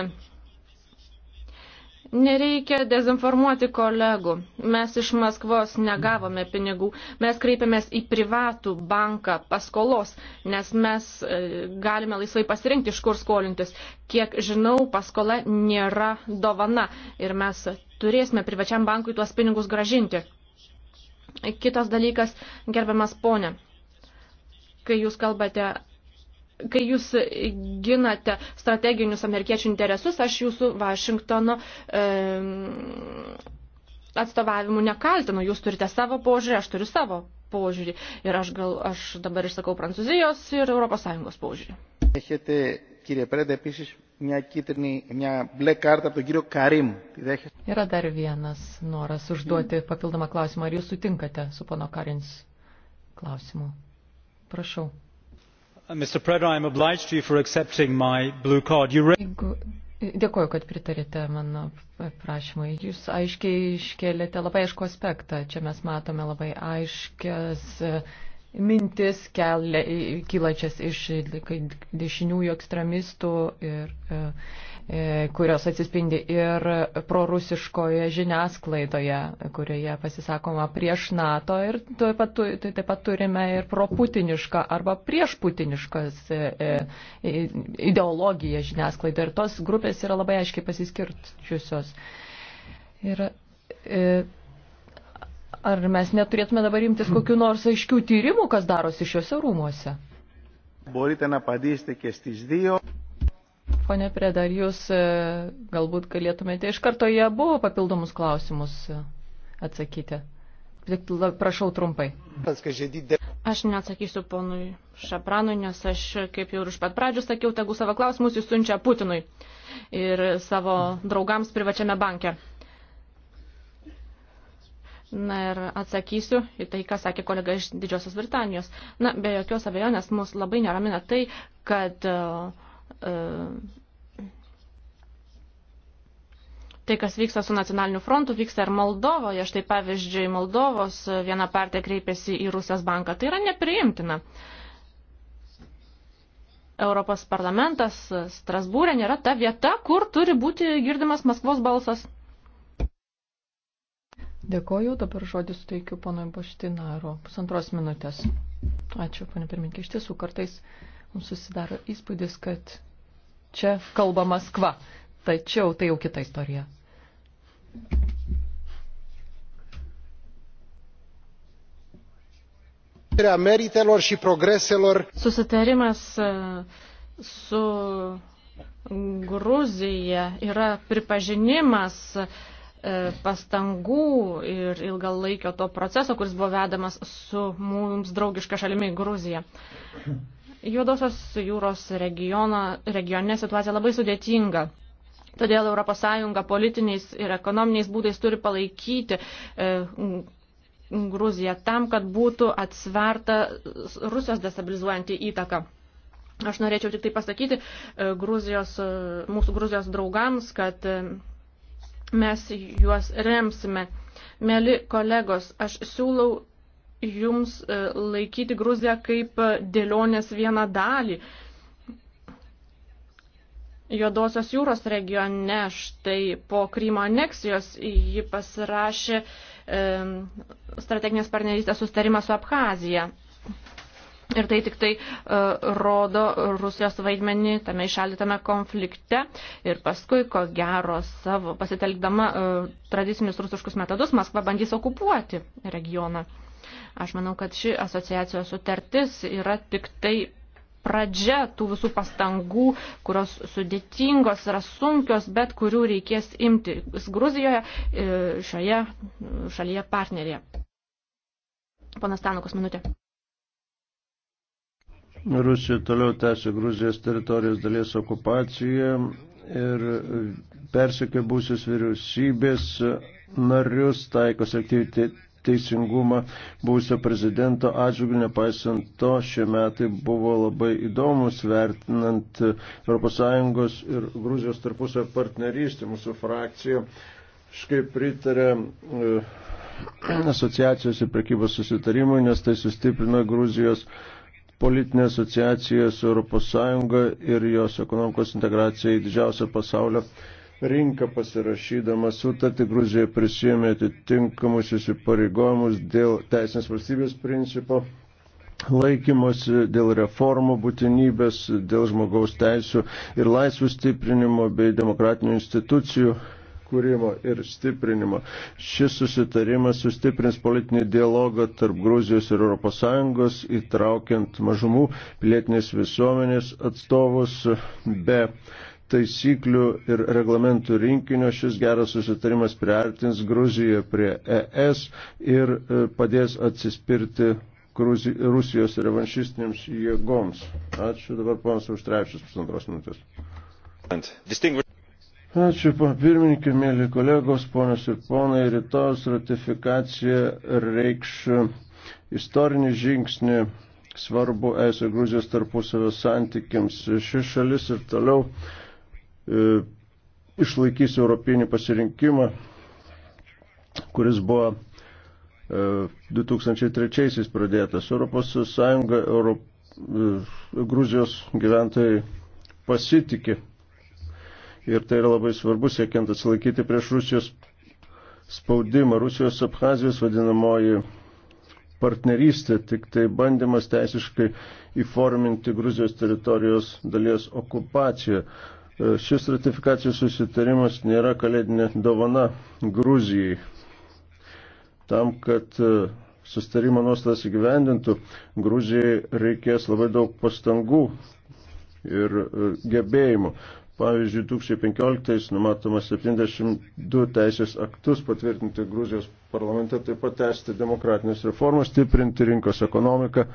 Nereikia dezinformuoti kolegų. Mes iš Maskvos negavome pinigų. Mes kreipiamės į privatų banką paskolos, nes mes e, galime laisvai pasirinkti, iš kur skolintis. Kiek žinau, paskola nėra dovana ir mes turėsime privačiam bankui tuos pinigus gražinti. Kitas dalykas, gerbiamas ponė, kai jūs kalbate kai jūs ginate strateginius amerikiečių interesus, aš jūsų Vašingtono e, atstovavimu nekaltinu. Jūs turite savo požiūrį, aš turiu savo požiūrį. Ir aš gal aš dabar išsakau Prancūzijos ir ES požiūrį. Έχετε, κύριε Πρέντε, επίση μια, κίτρινη, μια μπλε κάρτα από τον κύριο Καρίμ. Τη δέχεστε. Yra dar vienas noras užduoti papildomą klausimą. Ar jūs sutinkate su pono Karins klausimu? Prašau. Uh, Mr. Preda, I am obliged to you for accepting my blue card. You Jeigu, dėkuoju, kad pritarėte mano prašymui. Jūs aiškiai iškėlėte labai aišku aspektą. Čia mes matome labai aiškias uh, mintis kelia, kylačias iš dešiniųjų ekstremistų ir uh, E, kurios atsispindi ir prorusiškoje žiniasklaidoje, kurioje pasisakoma prieš NATO ir taip pat, tai taip pat turime ir proputinišką arba priešputiniškas e, e, ideologiją žiniasklaidą ir tos grupės yra labai aiškiai pasiskirčiusios. Ir, ar mes neturėtume dabar imtis kokiu nors aiškių tyrimų, kas darosi šiuose rūmuose? Μπορείτε να απαντήσετε και στις δύο. Pone Preda, ar jūs e, galbūt galėtumėte iš karto jie buvo papildomus klausimus e, atsakyti? Tik prašau trumpai. Aš neatsakysiu ponui Šapranui, nes aš, kaip jau ir iš pat pradžių sakiau, tegu savo klausimus jis siunčia Putinui ir savo draugams privačiame banke. Na ir atsakysiu į tai, ką sakė kolega iš Didžiosios Britanijos. Na, be jokios abejonės mus labai neramina tai, kad uh, E, tai, kas vyksta su nacionaliniu frontu, vyksta ir Moldovoje. Štai pavyzdžiui, Moldovos viena partija kreipėsi į Rusijos banką. Tai yra nepriimtina. Europos parlamentas Strasbūrė nėra ta vieta, kur turi būti girdimas Maskvos balsas. Dėkoju, dabar žodį suteikiu ponui Baštinaro. Pusantros minutės. Ačiū, ponė pirmininkė. Iš tiesų, kartais Mums susidaro įspūdis, kad čia kalba Maskva, tačiau tai jau kita istorija. meritelor și progreselor. Susitarimas e, su Gruzija yra pripažinimas e, pastangų ir ilgalaikio to proceso, kuris buvo vedamas su mums draugiška šalimi Gruzija. Juodosios jūros regiona, regione situacija labai sudėtinga. Todėl ES politiniais ir ekonominiais būdais turi palaikyti e, Gruziją tam, kad būtų atsverta Rusijos destabilizuojanti įtaka. Aš norėčiau tik tai pasakyti e, Gruzijos, e, mūsų Gruzijos draugams, kad e, mes juos remsime. Mėly kolegos, aš siūlau jums e, laikyti Gruziją kaip e, dėlionės vieną dalį. Juodosios jūros regione štai po Krymo aneksijos ji pasirašė e, strateginės partnerystės sustarimą su Abhazija. Ir tai tik tai uh, rodo Rusijos vaidmenį tame išaldytame konflikte. Ir paskui, ko gero, savo pasitelkdama uh, tradicinius rusiškus metodus, Maskva bandys okupuoti regioną. Uh, Aš manau, kad ši asociacijos sutartis yra tik tai pradžia tų visų pastangų, kurios sudėtingos yra sunkios, bet kurių reikės imti Gruzijoje e, šioje šalyje partnerėje. Panas Tanukas, minutė. Rusija toliau tęsia Gruzijos teritorijos dalies okupaciją ir persikė būsius vyriausybės narius, taikos aktyvi teisingumą buvusio prezidento atžvilgiu. Nepaisant to, šie metai buvo labai įdomus vertinant ES ir Gruzijos tarpusio partnerystę mūsų frakcija. Škai pritarė e, asociacijos ir prekybos susitarimui, nes tai sustiprina Gruzijos politinė asociacija su ES ir jos ekonomikos integracija į didžiausią pasaulio rinka pasirašydama sutartį Gruzija prisėmė atitinkamus įsipareigojimus dėl teisinės valstybės principo laikymosi, dėl reformų būtinybės, dėl žmogaus teisų ir laisvų stiprinimo bei demokratinių institucijų kūrimo ir stiprinimo. Šis susitarimas sustiprins politinį dialogą tarp Gruzijos ir ES, įtraukiant mažumų pilietinės visuomenės atstovus be taisyklių ir reglamentų rinkinio šis geras susitarimas priartins Gruziją prie ES ir e, padės atsispirti Gruzi, Rusijos revanšistinėms jėgoms. Ačiū dabar ponas Užtrevičius pusantros minutės. Ačiū, pana pirmininkė, mėly kolegos, ponas ir ponai, rytojus ratifikacija reikš istorinį žingsnį svarbu ES ir Gruzijos tarpusavio santykiams. Ši šalis ir toliau E, išlaikys europinį pasirinkimą, kuris buvo 2003 e, pradėtas. Europos Sąjunga, Europ... E, Gruzijos gyventojai pasitikė. Ir tai yra labai svarbu, siekiant atsilaikyti prieš Rusijos spaudimą. Rusijos Abhazijos vadinamoji partnerystė, tik tai bandymas teisiškai įforminti Gruzijos teritorijos dalies okupaciją. Šis ratifikacijos susitarimas nėra kalėdinė dovana Gruzijai. Tam, kad e, susitarimo nuostatas įgyvendintų, Gruzijai reikės labai daug pastangų ir e, gebėjimų. Pavyzdžiui, 2015 numatoma 72 teisės aktus patvirtinti Gruzijos parlamente, taip pat tęsti demokratinės reformas, stiprinti rinkos ekonomiką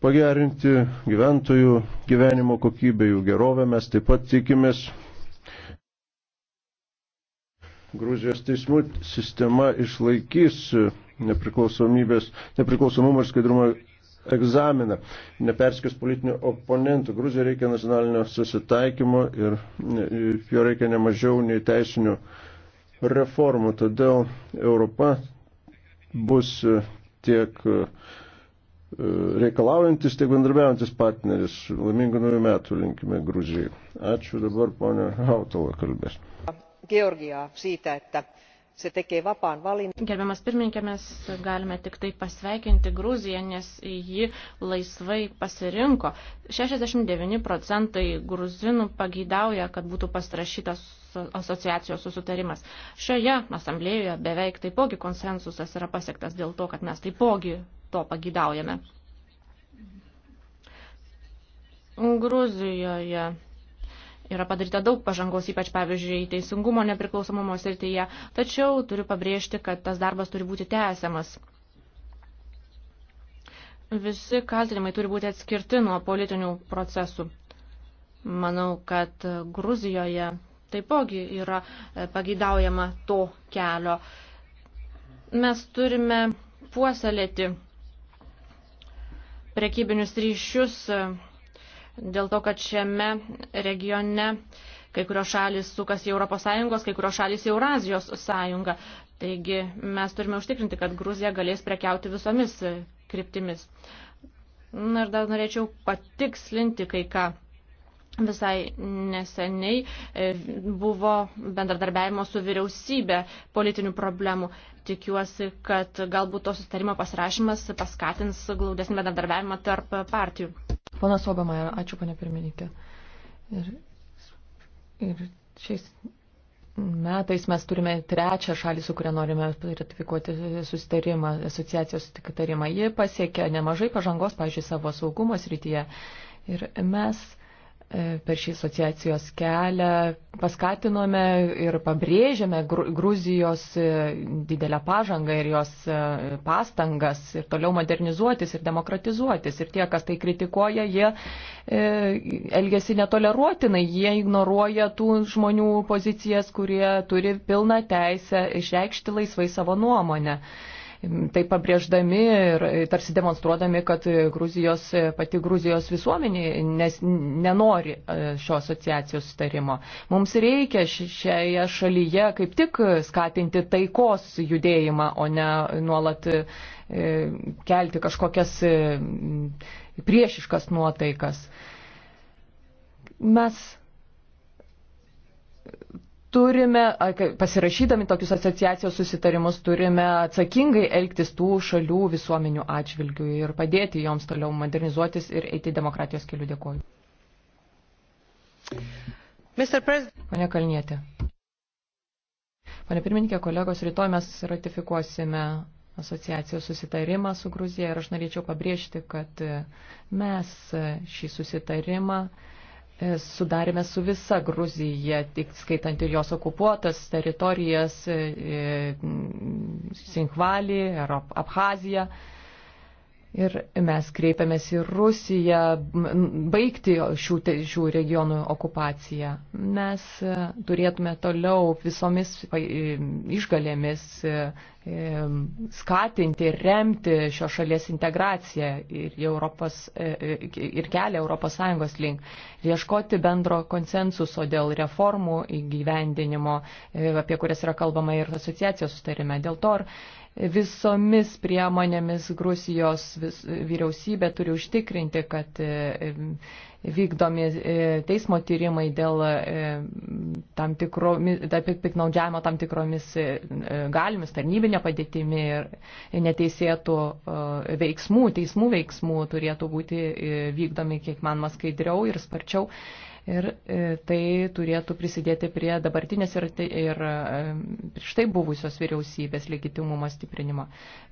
pagerinti gyventojų gyvenimo kokybę, jų gerovę. Mes taip pat tikimės Gruzijos teismų sistema išlaikys nepriklausomumo ir skaidrumo egzaminą, neperskis politinių oponentų. Gruzija reikia nacionalinio susitaikymo ir jo reikia nemažiau nei teisinių reformų. Todėl Europa bus tiek reikalaujantis, tiek bendrabiaujantis partneris. Laimingų naujų metų linkime Gruzijai. Ačiū dabar ponia Hautala kalbės. Georgija, siitä, että se tekee vapaan valinnan. Gerbiamas pirmininkė, mes galime tik tai pasveikinti Gruziją, nes ji laisvai pasirinko. 69 procentai gruzinų pageidauja, kad būtų pastrašytas asociacijos susitarimas. Šioje asamblėjoje beveik taipogi konsensusas yra pasiektas dėl to, kad mes taipogi to pagidaujame. Gruzijoje yra padaryta daug pažangos, ypač pavyzdžiui, teisingumo nepriklausomumo srityje, tačiau turiu pabrėžti, kad tas darbas turi būti tęsiamas. Visi kaltinimai turi būti atskirti nuo politinių procesų. Manau, kad Gruzijoje taipogi yra e, pagidaujama to kelio. Mes turime puoselėti prekybinius ryšius e, dėl to, kad šiame regione kai kurios šalis sukasi Europos Sąjungos, kai kurios šalis Eurazijos Sąjunga. Taigi mes turime užtikrinti, kad Gruzija galės prekiauti visomis kryptimis. Na ir dar norėčiau patikslinti kai ką. Visai neseniai e, buvo bendradarbiavimo su vyriausybė politinių problemų. Tikiuosi, kad galbūt to sustarimo pasirašymas paskatins glaudesnį bendradarbiavimą tarp partijų. Ponas Obamaja, ačiū, ponė pirmininkė. Ir, ir šiais metais mes turime trečią šalį, su kuria norime ratifikuoti susitarimą, asociacijos susitarimą. Ji pasiekė nemažai pažangos, pažiūrėjau, savo saugumos rytyje. Ir mes E, per šį asociacijos kelią paskatinome ir pabrėžėme Gruzijos e, didelę pažangą ir jos e, pastangas ir toliau modernizuotis ir demokratizuotis. Ir tie, kas tai kritikuoja, jie elgesi netoleruotinai, jie ignoruoja tų žmonių pozicijas, kurie turi pilną teisę išreikšti laisvai savo nuomonę tai pabrėždami ir tarsi demonstruodami, kad Gruzijos, pati Gruzijos visuomenė nes, nenori e, šio asociacijos sutarimo. Mums reikia šioje šalyje kaip tik skatinti taikos judėjimą, o ne nuolat e, kelti kažkokias e, priešiškas nuotaikas. Mes turime, pasirašydami tokius asociacijos susitarimus, turime atsakingai elgtis tų šalių visuomenių atžvilgių ir padėti joms toliau modernizuotis ir eiti demokratijos keliu. Dėkuoju. Pane Kalnietė. Pane pirmininkė, kolegos, rytoj mes ratifikuosime asociacijos susitarimą su Gruzija ir aš norėčiau pabrėžti, kad mes šį susitarimą E, sudarėme su visa Gruzija, tik skaitant ir jos okupuotas teritorijas, e, Sinkvalį, Abhaziją. Ir mes kreipiamės į Rusiją baigti šių, šių regionų okupaciją. Mes e, turėtume toliau visomis e, išgalėmis e, skatinti ir remti šio šalies integraciją ir, Europos, ir kelią Europos Sąjungos link. Ir ieškoti bendro konsensuso dėl reformų įgyvendinimo, apie kurias yra kalbama ir asociacijos sustarime. Dėl to, ar visomis priemonėmis Grusijos vis, vyriausybė turi užtikrinti, kad e, e, vykdomi e, teismo tyrimai dėl tam tikro, piknaudžiavimo tam tikromis galimis, tarnybinė padėtimi ir neteisėtų veiksmų, teismų veiksmų turėtų būti vykdomi kiek manoma skaidriau ir sparčiau. Ir e, tai turėtų prisidėti prie dabartinės ir, ir e, prieš tai buvusios vyriausybės legitimumo stiprinimo.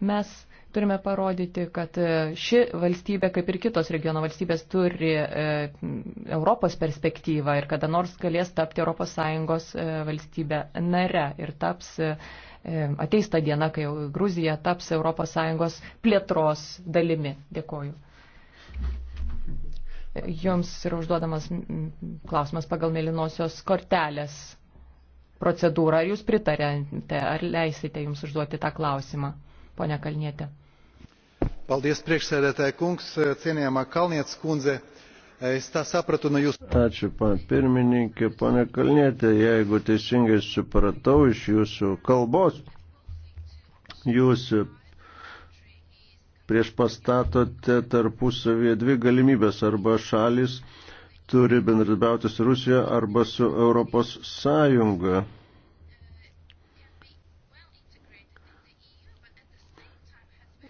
Mes turime parodyti, kad e, ši valstybė, kaip ir kitos regiono valstybės, turi Europos perspektyvą ir kada nors galės tapti ES valstybę nare ir taps, ateis ta diena, kai Gruzija taps ES plėtros dalimi. Dėkoju joms yra užduodamas klausimas pagal mėlynosios kortelės procedūrą. Ar jūs pritarėte, ar leisite jums užduoti tą klausimą, ponia Kalnietė? Paldies priekšsėdėtāji kungs, cienījama Kalnietis kundze. Es tā sapratu no jūsų. Ačiū, pana pirmininkė, pana Kalnietė, jeigu teisingai supratau iš jūsų kalbos, jūs prieš pastatote tarpusavėje dvi galimybės arba šalis turi bendradarbiauti su Rusija arba su Europos Sąjunga.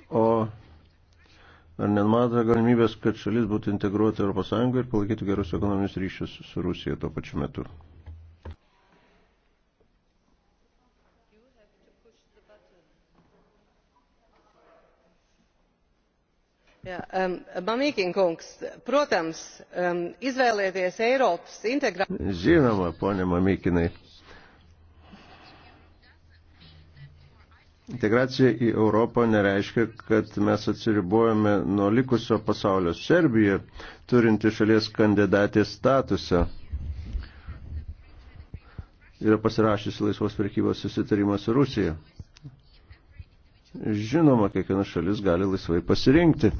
O ar nematote galimybės, kad šalis būtų integruota Europos Sąjungoje ir palaikyti gerus ekonominius ryšius su Rusija tuo pačiu metu? Man Mīkinkungs, protams, izvēlēties Eiropas integrāciju. Žinoma, ponia Mamīkinai. Integracija į Europą nereiškia, kad mes atsiribojame nuo likusio pasaulio. Serbija turinti šalies kandidatės statusą yra pasirašysi laisvos prekybos susitarimas su Rusija. Žinoma, kiekviena šalis gali laisvai pasirinkti.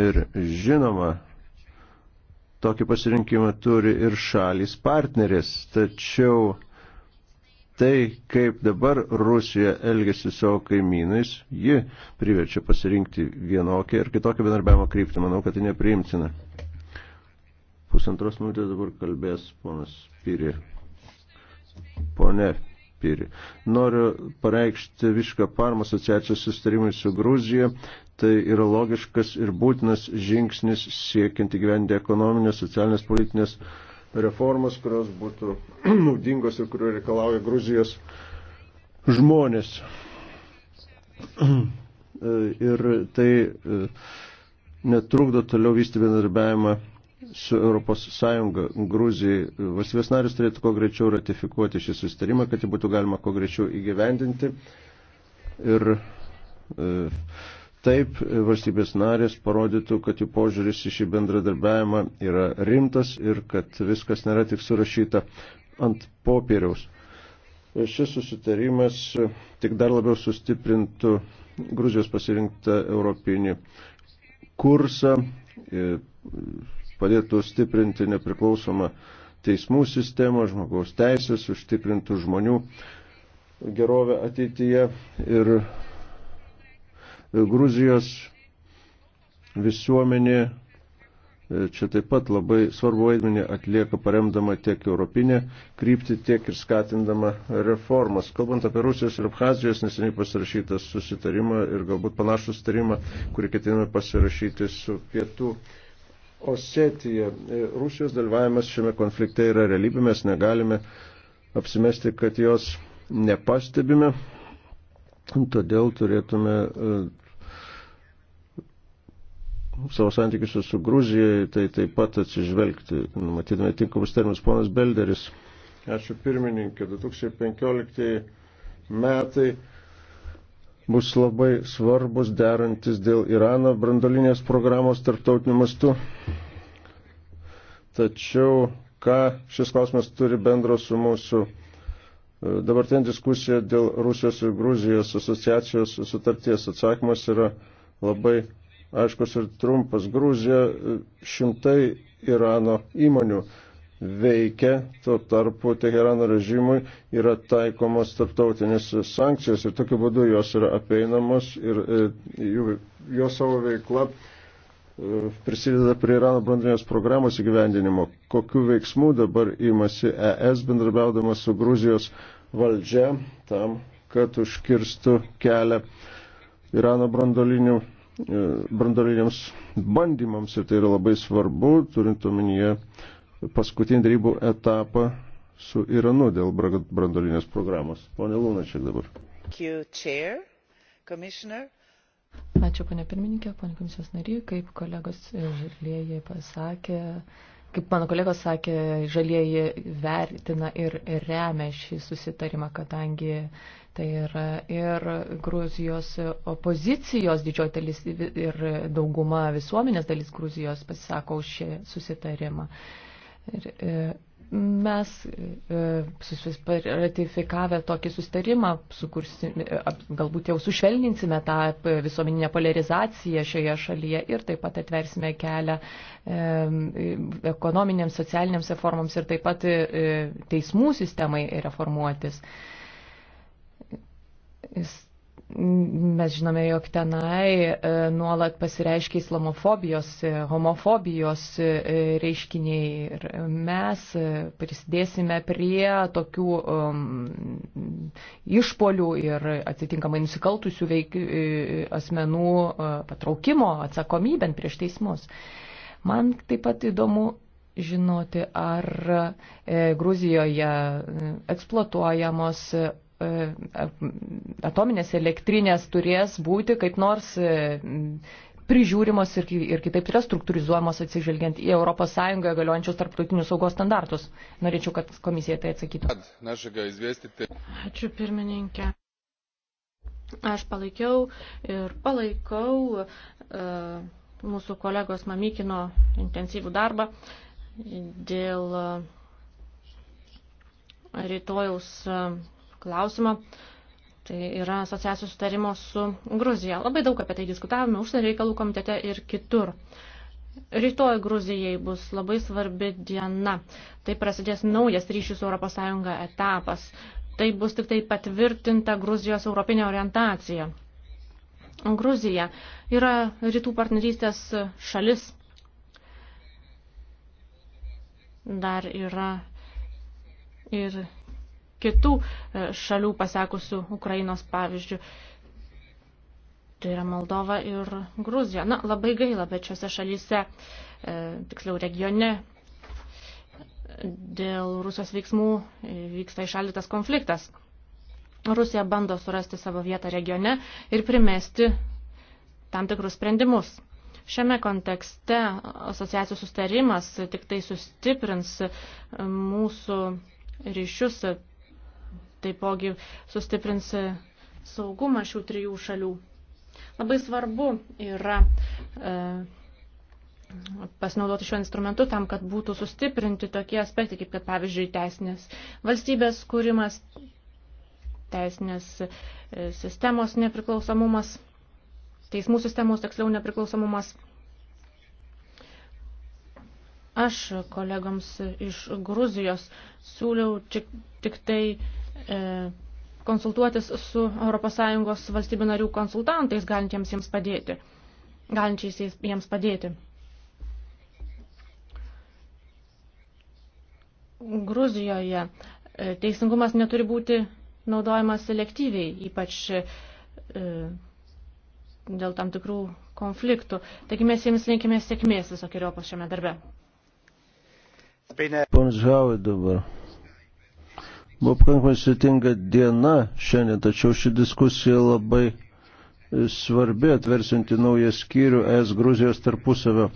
Ir žinoma, tokį pasirinkimą turi ir šalis partneris. Tačiau tai, kaip dabar Rusija elgesi savo kaimynais, ji priverčia pasirinkti vienokią ir kitokią bendarbiavimo kryptį. Manau, kad tai nepriimtina. Pusantros minutės dabar kalbės ponas Piri. Pone Piri. Noriu pareikšti višką parmą asociacijos sustarimui su Gruzija. Tai yra logiškas ir būtinas žingsnis siekiant įgyvendinti ekonominės, socialinės, politinės reformas, kurios būtų naudingos ir kurių reikalauja Gruzijos žmonės. E, ir tai e, netrukdo toliau vystyti bendarbiavimą su ES Gruzijai. Valstybės narius turėtų kuo greičiau ratifikuoti šį sustarimą, kad jį būtų galima kuo greičiau įgyvendinti. Ir e, taip valstybės narės parodytų, kad jų požiūris į šį bendradarbiavimą yra rimtas ir kad viskas nėra tik surašyta ant popieriaus. Šis susitarimas tik dar labiau sustiprintų Gruzijos pasirinktą europinį kursą, e, padėtų stiprinti nepriklausomą teismų sistemą, žmogaus teisės, užtikrintų žmonių gerovę ateityje ir Gruzijos visuomenė e, čia taip pat labai svarbu vaidmenį atlieka paremdama tiek europinę kryptį, tiek ir skatindama reformas. Kalbant apie Rusijos ir Abhazijos neseniai pasirašytą susitarimą ir galbūt panašų sutarimą, kurį ketiname pasirašyti su pietų Osetija. E, Rusijos dalyvavimas šiame konflikte yra realybė, mes negalime apsimesti, kad jos nepastebime. Todėl turėtume e, savo santykiuose su Gruzija tai taip pat atsižvelgti. Matytume tinkamus terminus, ponas Belderis. Ačiū pirmininkė, 2015 metai bus labai svarbus derantis dėl Irano brandolinės programos tarptautiniu mastu. Tačiau ką šis klausimas turi bendro su mūsų e, dabartinė diskusija dėl Rusijos ir Gruzijos asociacijos sutarties atsakymas yra labai aiškus ir trumpas. Gruzija e, šimtai Irano įmonių veikia, tuo tarpu Teherano režimui yra taikomos tarptautinės sankcijos ir tokiu būdu jos yra apeinamos ir e, jų, jo savo veikla e, prisideda prie Irano branduolinės programos įgyvendinimo. Kokiu veiksmu dabar imasi ES bendrabiaudama su Gruzijos valdžia tam, kad užkirstų kelią Irano branduolinių e, brandoliniams bandymams ir tai yra labai svarbu, turint omenyje paskutinį darybų etapą su Iranu dėl brandolinės programos. Pone Lunačiak dabar. Ačiū, ponė pirmininkė, ponė komisijos nariai, kaip kolegos e, žalieji pasakė, kaip mano kolegos sakė, žalieji vertina ir remia šį susitarimą, kadangi tai yra ir Gruzijos opozicijos didžioji dalis ir dauguma visuomenės dalis Gruzijos pasisako už šį susitarimą. Ir, e, mes e, ratifikavę tokį sustarimą, sukursime, galbūt jau sušvelninsime tą e, visuomeninę polarizaciją šioje šalyje ir taip pat atversime kelią ekonominėms, socialinėms reformoms ir taip pat teismų sistemai reformuotis. Jis Mes žinome, jog tenai e, nuolat pasireiškia islamofobijos, e, homofobijos e, reiškiniai ir mes prisidėsime prie tokių um, išpolių ir atitinkamai nusikaltusių veik, asmenų patraukimo atsakomybėn prieš teismus. Man taip pat įdomu žinoti, ar Gruzijoje eksploatuojamos E, atominės elektrinės turės būti kaip nors e, prižiūrimos ir, ir kitaip restruktūrizuojamos atsižvelgiant į ES galiojančius tarptautinius saugos standartus. Norėčiau, kad komisija tai atsakytų. Ačiū pirmininkė. Aš palaikiau ir palaikau uh, mūsų kolegos Mamykino intensyvų darbą dėl uh, rytojaus uh, klausimą. Tai yra asociacijos sutarimo su Gruzija. Labai daug apie tai diskutavome užsienio reikalų komitete ir kitur. Rytoj Gruzijai bus labai svarbi diena. Tai prasidės naujas ryšių su ES etapas. Tai bus tik tai patvirtinta Gruzijos europinė orientacija. Gruzija yra rytų partnerystės šalis. Dar yra ir kitų e, šalių pasekusių Ukrainos pavyzdžių. Tai yra Moldova ir Gruzija. Na, labai gaila, bet šiuose šalyse, e, tiksliau regione, dėl Rusijos veiksmų e, vyksta išaldytas konfliktas. Rusija bando surasti savo vietą regione ir primesti tam tikrus sprendimus. Šiame kontekste asociacijų sustarimas tik tai sustiprins e, mūsų ryšius taipogi sustiprins saugumą šių trijų šalių. Labai svarbu yra e, pasinaudoti šiuo instrumentu tam, kad būtų sustiprinti tokie aspektai, kaip kad pavyzdžiui teisinės valstybės kūrimas, teisinės e, sistemos nepriklausomumas, teismų sistemos tiksliau nepriklausomumas. Aš kolegams iš Gruzijos siūliau tik, tik tai E, konsultuotis su ES valstybių narių konsultantais, galintiems jiems padėti, galinčiais jiems padėti. Gruzijoje e, teisingumas neturi būti naudojamas selektyviai, ypač e, dėl tam tikrų konfliktų. Taigi mes jiems linkime sėkmės visokiojo šiame darbe. Ponas Žavai dabar. Buvo pakankamai sėtinga diena šiandien, tačiau ši diskusija labai e, svarbi atversinti naują skyrių ES Gruzijos tarpusavio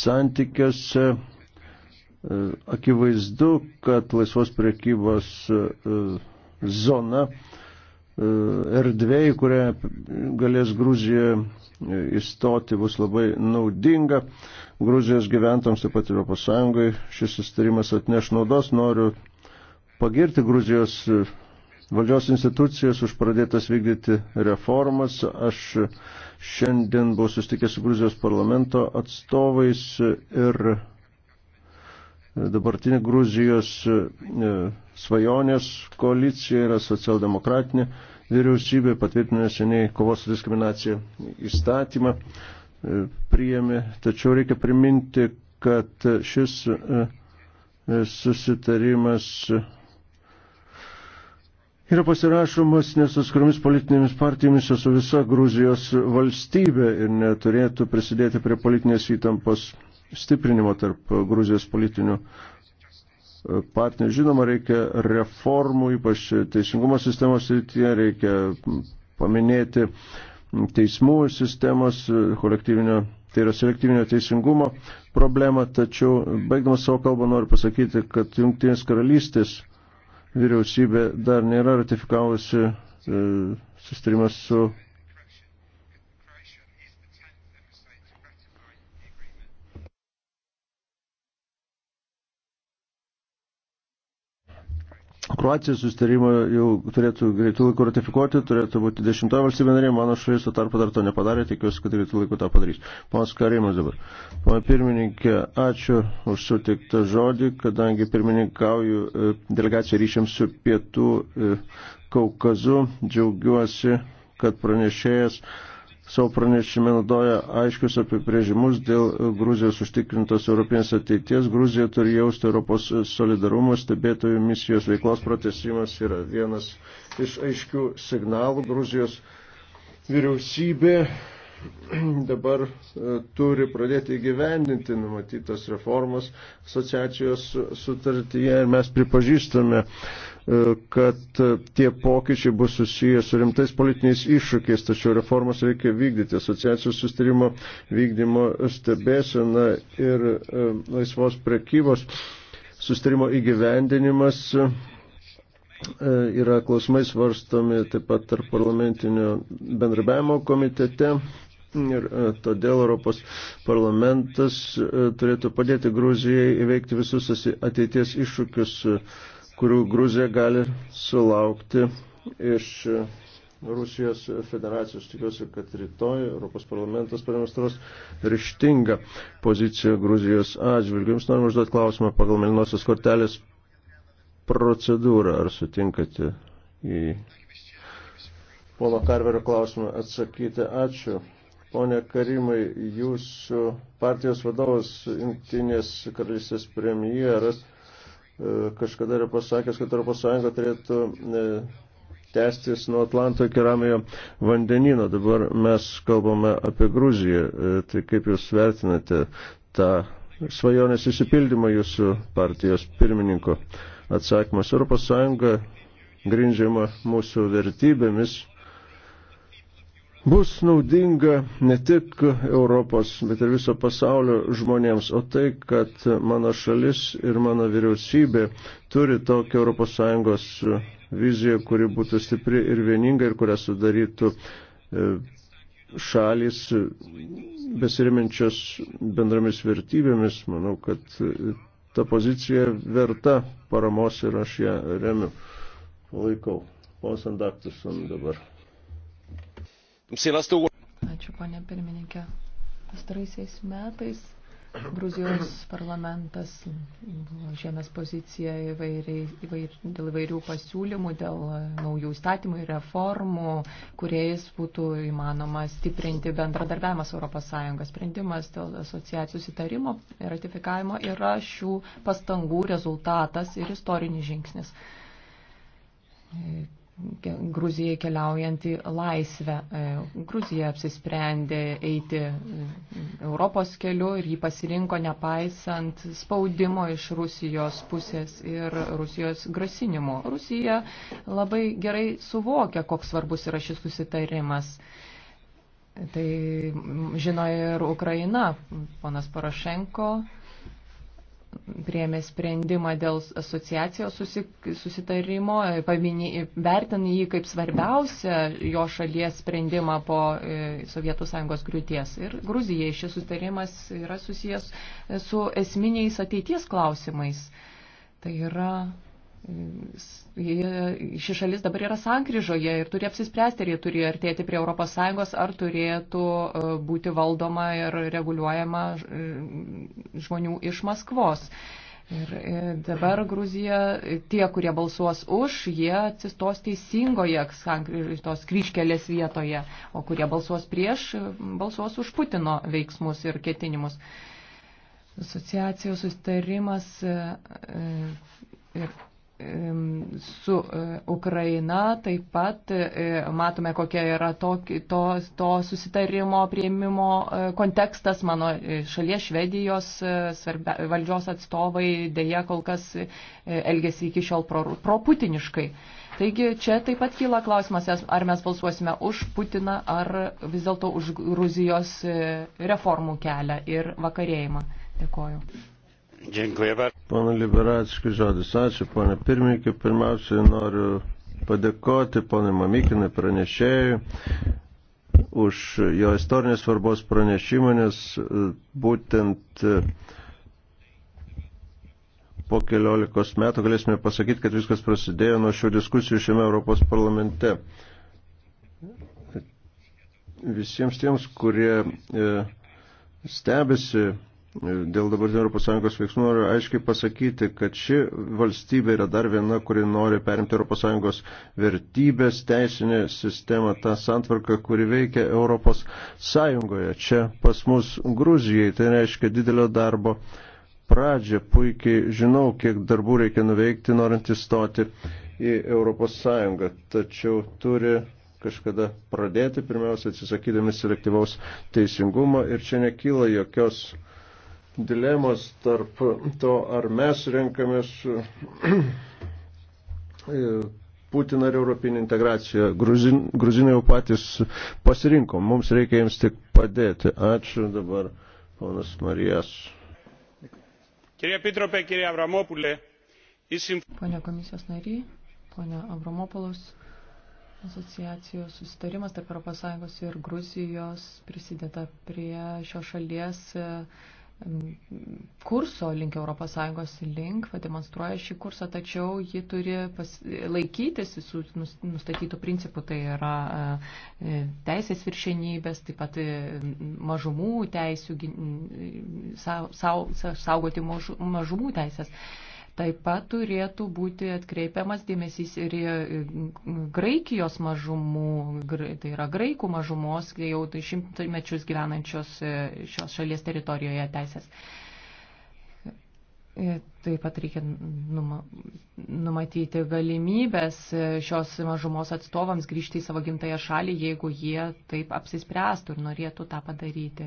santykiuose. E, akivaizdu, kad laisvos priekybos e, zona erdvėjai, kurią galės Gruzija įstoti, bus labai naudinga. Gruzijos gyventams, taip pat Europos Sąjungai, šis sustarimas atneš naudos. Noriu pagirti Gruzijos e, valdžios institucijas už pradėtas vykdyti reformas. Aš šiandien buvau sustikęs su Gruzijos parlamento atstovais ir dabartinė Gruzijos e, svajonės koalicija yra socialdemokratinė vyriausybė, patvirtino seniai kovos su diskriminacija įstatymą e, priėmė, tačiau reikia priminti, kad šis susitarimas yra pasirašomas ne su skromis politinėmis partijomis, o su visa Gruzijos valstybė ir neturėtų prisidėti prie politinės įtampos stiprinimo tarp Gruzijos politinių e, partnerių. Žinoma, reikia reformų, ypač teisingumo sistemos srityje, reikia paminėti teismų sistemos, e, kolektyvinio, tai yra selektyvinio teisingumo problemą, tačiau baigdamas savo kalbą noriu pasakyti, kad Junktinės karalystės vyriausybė dar nėra ratifikavusi e, sustarimas su Kroacija susitarimą jau turėtų greitų laikų ratifikuoti, turėtų būti dešimtoje valstybė narė, mano šalis tuo tarpu dar to nepadarė, tikiuosi, kad greitų laikų tą padarys. Ponas Karimas dabar. Pana pirmininkė, ačiū už sutiktą žodį, kadangi pirmininkauju e, delegaciją ryšiams su pietų e, Kaukazu, džiaugiuosi, kad pranešėjas savo pranešime naudoja aiškius apibrėžimus dėl Gruzijos užtikrintos europinės ateities. Gruzija turi jausti Europos solidarumą, stebėtojų misijos veiklos pratesimas yra vienas iš aiškių signalų. Gruzijos vyriausybė dabar e, turi pradėti įgyvendinti numatytas reformas asociacijos sutartyje ir mes pripažįstame E, kad e, tie pokyčiai bus susiję su rimtais politiniais iššūkiais, tačiau reformas reikia vykdyti. Asociacijos sustarimo vykdymo stebėsena ir e, laisvos prekybos sustarimo įgyvendinimas yra klausimai svarstomi taip pat tarp parlamentinio bendrabiavimo komitete. Ir todėl Europos parlamentas turėtų padėti Gruzijai įveikti visus ateities iššūkius kurių Gruzija gali sulaukti iš Rusijos federacijos. Tikiuosi, kad rytoj Europos parlamentas pademonstruos ryštingą poziciją Gruzijos atžvilgių. Jums norim užduoti klausimą pagal Melinosios kortelės procedūrą. Ar sutinkate į pono Karverio klausimą atsakyti? Ačiū. Pone Karimai, jūsų partijos vadovas, jungtinės karalystės premjeras kažkada yra pasakęs, kad Europos Sąjunga turėtų e, tęstis nuo Atlanto iki Ramiojo vandenino. Dabar mes kalbame apie Gruziją. E, tai kaip Jūs vertinate tą svajonės įsipildymą Jūsų partijos pirmininko atsakymas? Europos Sąjunga grindžiama mūsų vertybėmis bus naudinga ne tik Europos, bet ir viso pasaulio žmonėms. O tai, kad mano šalis ir mano vyriausybė turi tokią ES viziją, kuri būtų stipri ir vieninga ir kurią sudarytų e, šalis besiriminčios bendromis vertybėmis. Manau, kad ta pozicija verta paramos ir aš ją remiu. Laikau. Ponas Andaktuson dabar. Ačiū, ponė pirmininkė. Pastaraisiais metais Gruzijos parlamentas buvo žemės pozicija įvairiai, įvair, dėl įvairių pasiūlymų, dėl naujų įstatymų ir reformų, kuriais būtų įmanoma stiprinti bendradarbiavimas ES. Sprendimas dėl asociacijų sitarimo ir ratifikavimo yra šių pastangų rezultatas ir istorinis žingsnis Gruzijai keliaujant į laisvę. E, Gruzija apsisprendė eiti e, Europos keliu ir jį pasirinko nepaisant spaudimo iš Rusijos pusės ir Rusijos grasinimų. Rusija labai gerai suvokia, koks svarbus yra šis susitarimas. Tai žino ir Ukraina, ponas Porošenko priemė sprendimą dėl asociacijos susitarimo, paminė, vertin jį kaip svarbiausią jo šalies sprendimą po e, Sovietų Sąjungos griūties. Ir Gruzijai šis susitarimas yra susijęs su esminiais ateities klausimais. Tai yra ši šalis dabar yra sankryžoje ir turi apsispręsti, ar jie turi artėti prie ES, ar turėtų e, būti valdoma ir reguliuojama e, žmonių iš Maskvos. Ir e, dabar Gruzija, tie, kurie balsuos už, jie atsistos teisingoje tos kryškelės vietoje, o kurie balsuos prieš, balsuos už Putino veiksmus ir ketinimus. Asociacijos sustarimas ir su e, Ukraina taip pat e, matome, kokia yra to, to, to susitarimo prieimimo e, kontekstas. Mano šalies Švedijos svarbia, valdžios atstovai dėja kol kas elgesi iki šiol proputiniškai. Pro Taigi čia taip pat kyla klausimas, ar mes balsuosime už Putiną, ar vis dėlto už Gruzijos reformų kelią ir vakarėjimą. Dėkoju. Pana Liberatskis žodis, ačiū, pana pirmininkė. Pirmiausiai noriu padėkoti ponai Mamikinai pranešėjai už jo istorinės svarbos pranešimą, nes e, būtent e, po keliolikos metų galėsime pasakyti, kad viskas prasidėjo nuo šių diskusijų šiame Europos parlamente. Visiems tiems, kurie e, stebisi dėl dabartinio ES veiksmų noriu aiškiai pasakyti, kad ši valstybė yra dar viena, kuri nori perimti ES vertybės, teisinę sistemą, tą santvarką, kuri veikia ES. Čia pas mus Gruzijai tai reiškia didelio darbo pradžią. Puikiai žinau, kiek darbų reikia nuveikti, norint įstoti į ES. Tačiau turi kažkada pradėti, pirmiausia, atsisakydami selektyvaus teisingumo ir čia nekyla jokios dilemos tarp to, ar mes renkamės e, Putiną ir Europinį integraciją. Gruzin, Gruzinai jau patys pasirinko, mums reikia jiems tik padėti. Ačiū dabar, ponas Marijas. Kirie Pitropė, kirie Avramopulė. Pone komisijos nariai, pone Avramopolus, asociacijos susitarimas tarp ES ir Gruzijos prisideda prie šios šalies kurso link ES link, pademonstruoja šį kursą, tačiau ji turi pas, laikytis visų nustatytų principų, tai yra e, teisės viršenybės, taip pat e, mažumų teisių, e, saugoti mažumų teisės. Taip pat turėtų būti atkreipiamas dėmesys ir į e, Graikijos mažumų, tai yra graikų mažumos, jau tai šimtmečius gyvenančios e, šios šalies teritorijoje teisės. E, taip pat reikia numatyti galimybės šios mažumos atstovams grįžti į savo gimtają šalį, jeigu jie taip apsispręstų ir norėtų tą padaryti.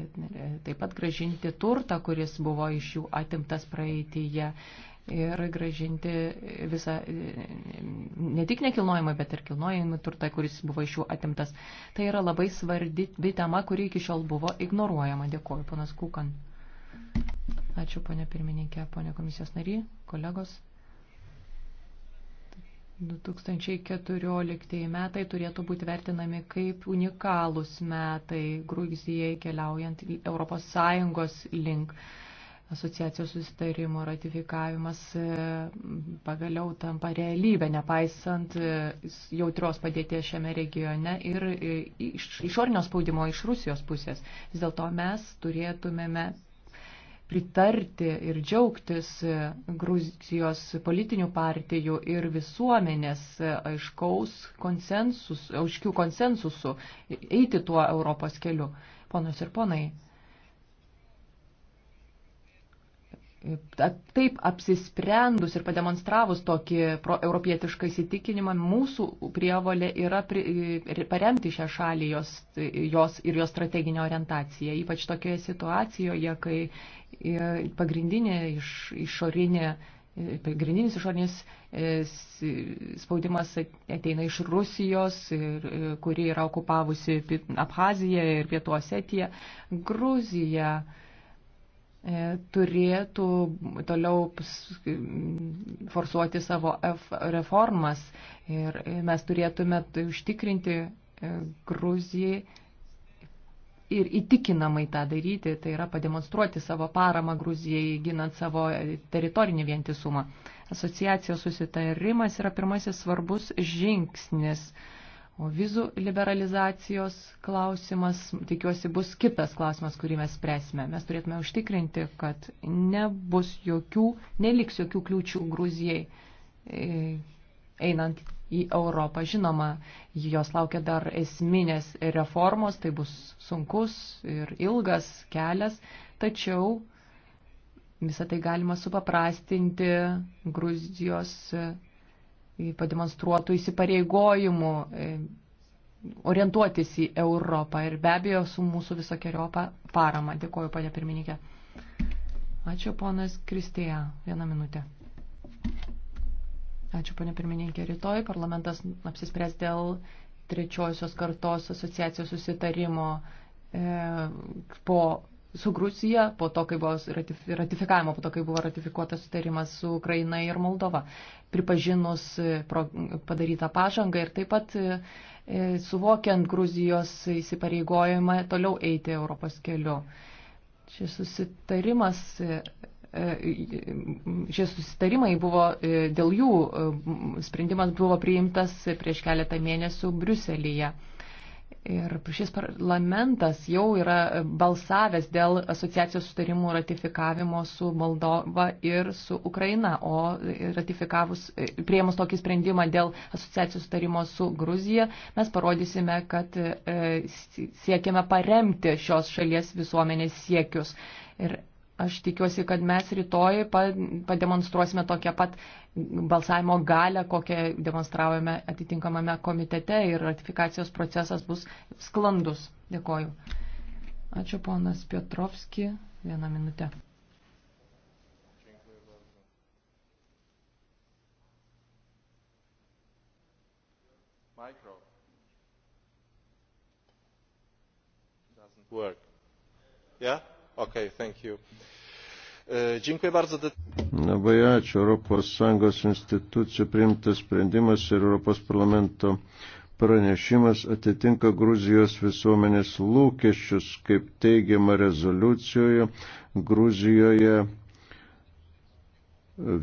Taip pat gražinti turtą, kuris buvo iš jų atimtas praeitįje ir gražinti visą ne tik nekilnojimą, bet ir kilnojimą turtą, kuris buvo iš jų atimtas. Tai yra labai svarbi tema, kuri iki šiol buvo ignoruojama. Dėkuoju, ponas Kukan. Ačiū, ponė pirmininkė, ponė komisijos nary, kolegos. 2014 metai turėtų būti vertinami kaip unikalūs metai Gruzijai keliaujant Europos Sąjungos link asociacijos susitarimo ratifikavimas e, pagaliau tampa realybė, nepaisant e, jautrios padėties šiame regione ir e, iš, išornio spaudimo iš Rusijos pusės. Vis dėlto mes turėtumėme pritarti ir džiaugtis Gruzijos politinių partijų ir visuomenės aiškaus konsensus, aiškių konsensusų, eiti tuo Europos keliu. Ponos ir ponai, Taip apsisprendus ir pademonstravus tokį europietišką įsitikinimą, mūsų prievalė yra paremti šią šalį jos, jos ir jos strateginę orientaciją, ypač tokioje situacijoje, kai e, pagrindinė iš, išorinė e, pagrindinis išorinis e, spaudimas ateina iš Rusijos, kuri yra okupavusi Abhaziją ir Pietų Osetiją, Gruziją E, turėtų toliau forsuoti savo F reformas ir e, mes turėtume tai užtikrinti e, Gruzijai ir įtikinamai tą daryti, tai yra pademonstruoti savo paramą Gruzijai, ginant savo teritorinį vientisumą. Asociacijos susitarimas yra pirmasis svarbus žingsnis O vizų liberalizacijos klausimas, tikiuosi, bus kitas klausimas, kurį mes spręsime. Mes turėtume užtikrinti, kad nebus jokių, neliks jokių kliūčių Gruzijai e, einant į Europą. Žinoma, jos laukia dar esminės reformos, tai bus sunkus ir ilgas kelias, tačiau visą tai galima supaprastinti Gruzijos pademonstruotų įsipareigojimų e, orientuotis į Europą ir be abejo su mūsų visokiojopą parama. Dėkuoju, ponė pirmininkė. Ačiū, ponas Kristėja. Vieną minutę. Ačiū, ponė pirmininkė. Rytoj parlamentas apsispręs dėl trečiosios kartos asociacijos susitarimo e, po su Gruzija, po to, kai buvo ratifikavimo, po to, kai buvo ratifikuotas sutarimas su Ukraina ir Moldova, pripažinus e, padarytą pažangą ir taip pat e, e, suvokiant Gruzijos įsipareigojimą toliau eiti Europos keliu. Šis susitarimas. Šie susitarimai buvo, dėl jų sprendimas buvo priimtas prieš keletą mėnesių Briuselyje. Ir šis parlamentas jau yra balsavęs dėl asociacijos sutarimų ratifikavimo su Moldova ir su Ukraina, o ratifikavus, prieimus tokį sprendimą dėl asociacijos sutarimo su Gruzija, mes parodysime, kad e, siekiame paremti šios šalies visuomenės siekius. Ir Aš tikiuosi, kad mes rytoj pademonstruosime tokią pat balsavimo galę, kokią demonstravome atitinkamame komitete ir ratifikacijos procesas bus sklandus. Dėkoju. Ačiū ponas Piotrovski. Vieną minutę. Micro. Doesn't work. Yeah? Okay, thank you. Uh, E, dziękuję bardzo. Labai ačiū. Europos Sąjungos institucijų priimtas sprendimas ir Europos parlamento pranešimas atitinka Gruzijos visuomenės lūkesčius, kaip teigiama rezoliucijoje. Gruzijoje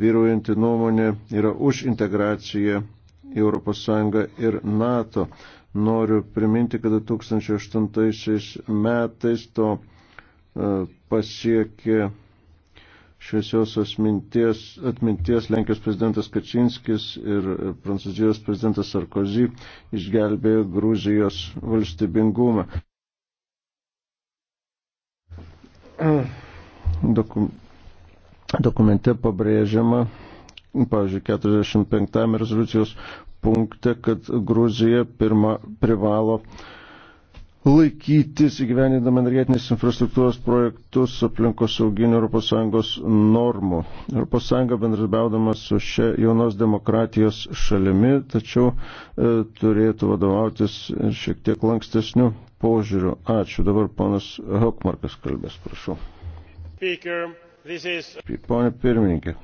vyruojanti nuomonė yra už integraciją į Europos Sąjungą ir NATO. Noriu priminti, kad 2008 metais to e, pasiekė šviesios atminties, atminties Lenkijos prezidentas Kačinskis ir Prancūzijos prezidentas Sarkozy išgelbėjo Gruzijos valstybingumą. Dokum, dokumente pabrėžiama, pavyzdžiui, 45 rezoliucijos punkte, kad Gruzija pirma privalo laikytis įgyvenindami energetinės infrastruktūros projektus aplinkos sauginių ES normų. ES bendradarbiaudama su šia jaunos demokratijos šalimi, tačiau e, turėtų vadovautis šiek tiek lankstesniu požiūriu. Ačiū. Dabar ponas Hokmarkas kalbės, prašau. Speaker, is... Pone pirmininkė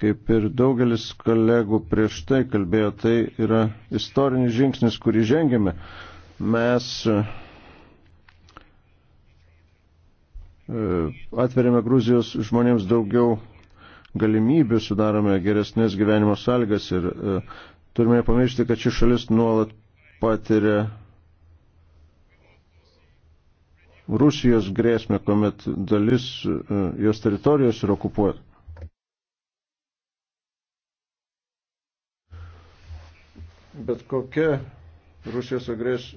kaip ir daugelis kolegų prieš tai kalbėjo, tai yra istorinis žingsnis, kurį žengėme. Mes e, atverėme Gruzijos žmonėms daugiau galimybių, sudarome geresnės gyvenimo sąlygas ir e, turime pamiršti, kad ši šalis nuolat patiria Rusijos grėsmę, kuomet dalis e, jos teritorijos yra okupuota. bet kokia Rusijos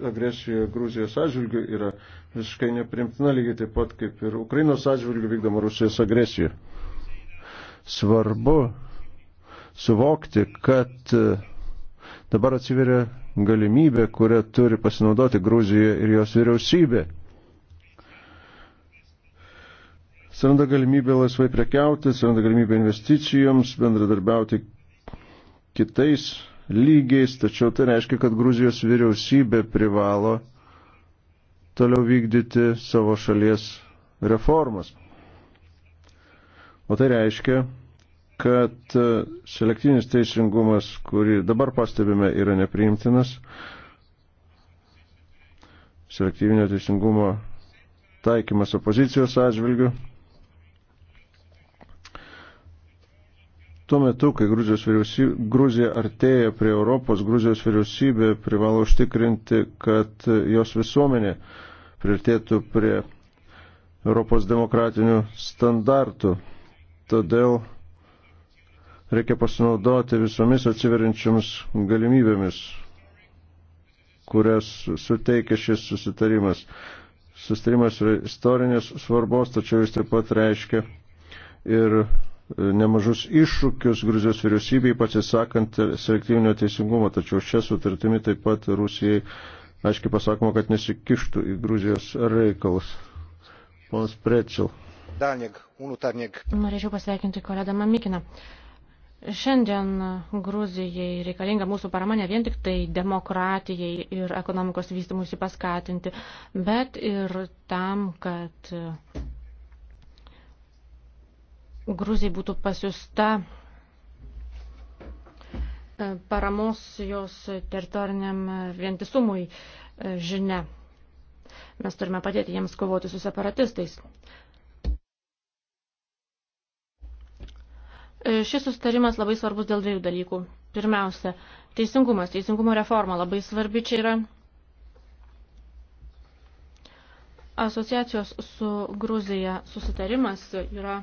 agresija Gruzijos atžvilgių yra visiškai neprimtina, lygiai taip pat kaip ir Ukrainos atžvilgių vykdoma Rusijos agresija. Svarbu suvokti, kad e, dabar atsiveria galimybė, kurią turi pasinaudoti Gruzija ir jos vyriausybė. Atsiranda galimybė laisvai prekiauti, atsiranda galimybė investicijoms, bendradarbiauti kitais lygiais, tačiau tai reiškia, kad Gruzijos vyriausybė privalo toliau vykdyti savo šalies reformas. O tai reiškia, kad e, selektinis teisingumas, kurį dabar pastebime, yra nepriimtinas. Selektyvinio teisingumo taikymas opozicijos atžvilgių Tuo metu, kai Gruzija artėja prie Europos, Gruzijos vyriausybė privalo užtikrinti, kad jos visuomenė priartėtų prie Europos demokratinių standartų. Todėl reikia pasinaudoti visomis atsiverinčiams galimybėmis, kurias suteikia šis susitarimas. Susitarimas yra istorinės svarbos, tačiau jis taip pat reiškia ir nemažus iššūkius Gruzijos vyriausybei, pasisakant selektyvinio teisingumo, tačiau šią sutartimį taip pat Rusijai aiškiai pasakoma, kad nesikištų į Gruzijos reikalus. Ponas Prečil. Norėčiau pasveikinti kolegą Mamikiną. Šiandien Gruzijai reikalinga mūsų parama ne vien tik tai demokratijai ir ekonomikos vystimusi paskatinti, bet ir tam, kad Gruzijai būtų pasiusta e, paramos jos teritoriniam vientisumui e, žinia. Mes turime padėti jiems kovoti su separatistais. E, šis sustarimas labai svarbus dėl dviejų dalykų. Pirmiausia, teisingumas, teisingumo reforma labai svarbi čia yra. Asociacijos su Gruzija susitarimas yra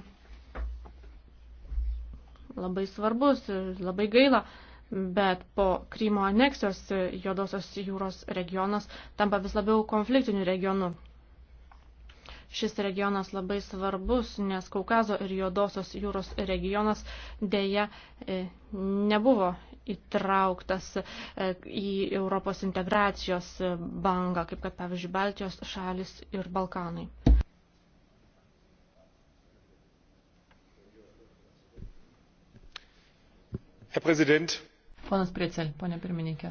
labai svarbus ir labai gaila, bet po Krymo aneksijos Juodosios jūros regionas tampa vis labiau konfliktiniu regionu. Šis regionas labai svarbus, nes Kaukazo ir Juodosios jūros regionas dėja e, nebuvo įtrauktas e, į Europos integracijos e, bangą, kaip kad pavyzdžiui Baltijos šalis ir Balkanai. Ponas Priecel, ponė pirmininkė.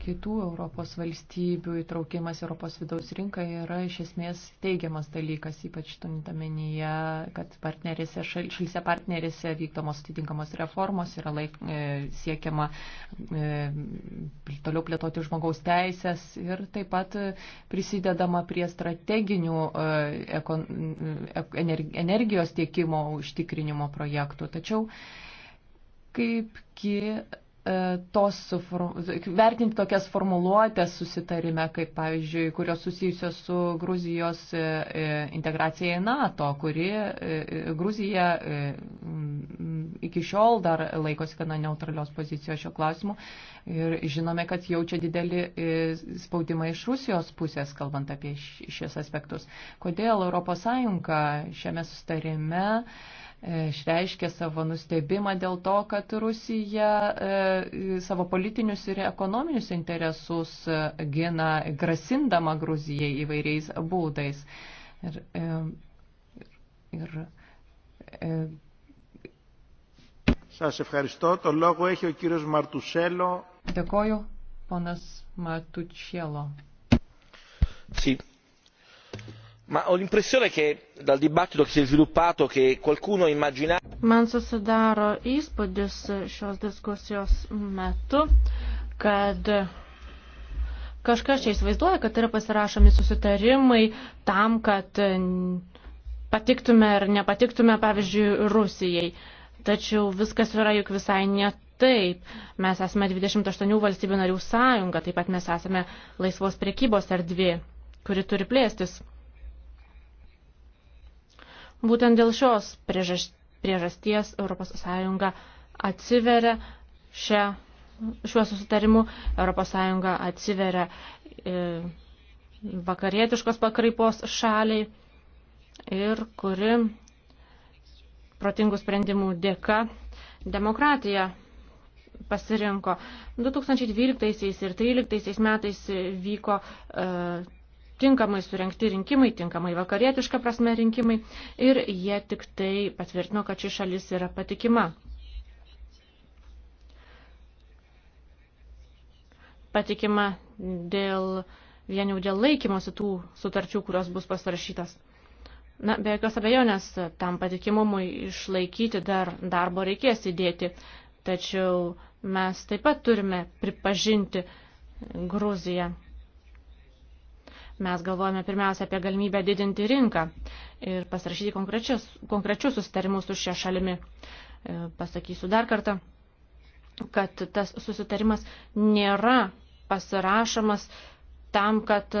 Kitų Europos valstybių įtraukimas Europos vidaus rinką yra iš esmės teigiamas dalykas, ypač tuntamenyje, kad partnerėse, šal, šalise partnerėse vykdomos atitinkamos reformos yra laik, e, siekiama e, toliau plėtoti žmogaus teisės ir taip pat prisidedama prie strateginių e, ekon, e, energijos tiekimo užtikrinimo projektų. Tačiau e, kaipgi e, tos vertinti tokias formuluotės susitarime, kaip pavyzdžiui, kurios susijusios su Gruzijos e, e, integracija į NATO, kuri Gruzija iki šiol dar laikosi gana neutralios pozicijos šio klausimu ir žinome, kad jaučia didelį spaudimą iš Rusijos pusės, kalbant apie šios aspektus. Kodėl ES šiame sustarime E, išreiškė savo nustebimą dėl to, kad Rusija e, savo politinius ir ekonominius interesus e, gina grasindama Gruzijai įvairiais būdais. Ir, ir, ir, Σας ευχαριστώ. Το λόγο έχει ο κύριος Μαρτουσέλο. Δεκόιο, πόνας Μαρτουσέλο. Sí, ho l'impressione dal dibattito che si è sviluppato che qualcuno immaginasse. man susidaro įspūdis šios diskusijos metu kad kažkas čia įsivaizduoja kad yra pasirašomi susitarimai tam kad patiktume ar nepatiktume pavyzdžiui rusijai tačiau viskas yra juk visai ne taip. Mes esame 28 valstybių narių sąjunga, taip pat mes esame laisvos priekybos erdvė, kuri turi plėstis. Būtent dėl šios priežasties ES atsiveria šią, šiuo susitarimu, ES atsiveria e, vakarietiškos pakraipos šaliai ir kuri protingų sprendimų dėka demokratiją pasirinko. 2012 ir 2013 metais vyko e, tinkamai surenkti rinkimai, tinkamai vakarietiška prasme rinkimai ir jie tik tai patvirtino, kad ši šalis yra patikima. Patikima dėl, vien jau dėl laikymosi tų sutarčių, kurios bus pasirašytas. Na, be jokios abejonės, tam patikimumui išlaikyti dar darbo reikės įdėti, tačiau mes taip pat turime pripažinti Gruziją Mes galvojame pirmiausia apie galimybę didinti rinką ir pasirašyti konkrečius, konkrečius susitarimus su šia šalimi. E, pasakysiu dar kartą, kad tas susitarimas nėra pasirašomas tam, kad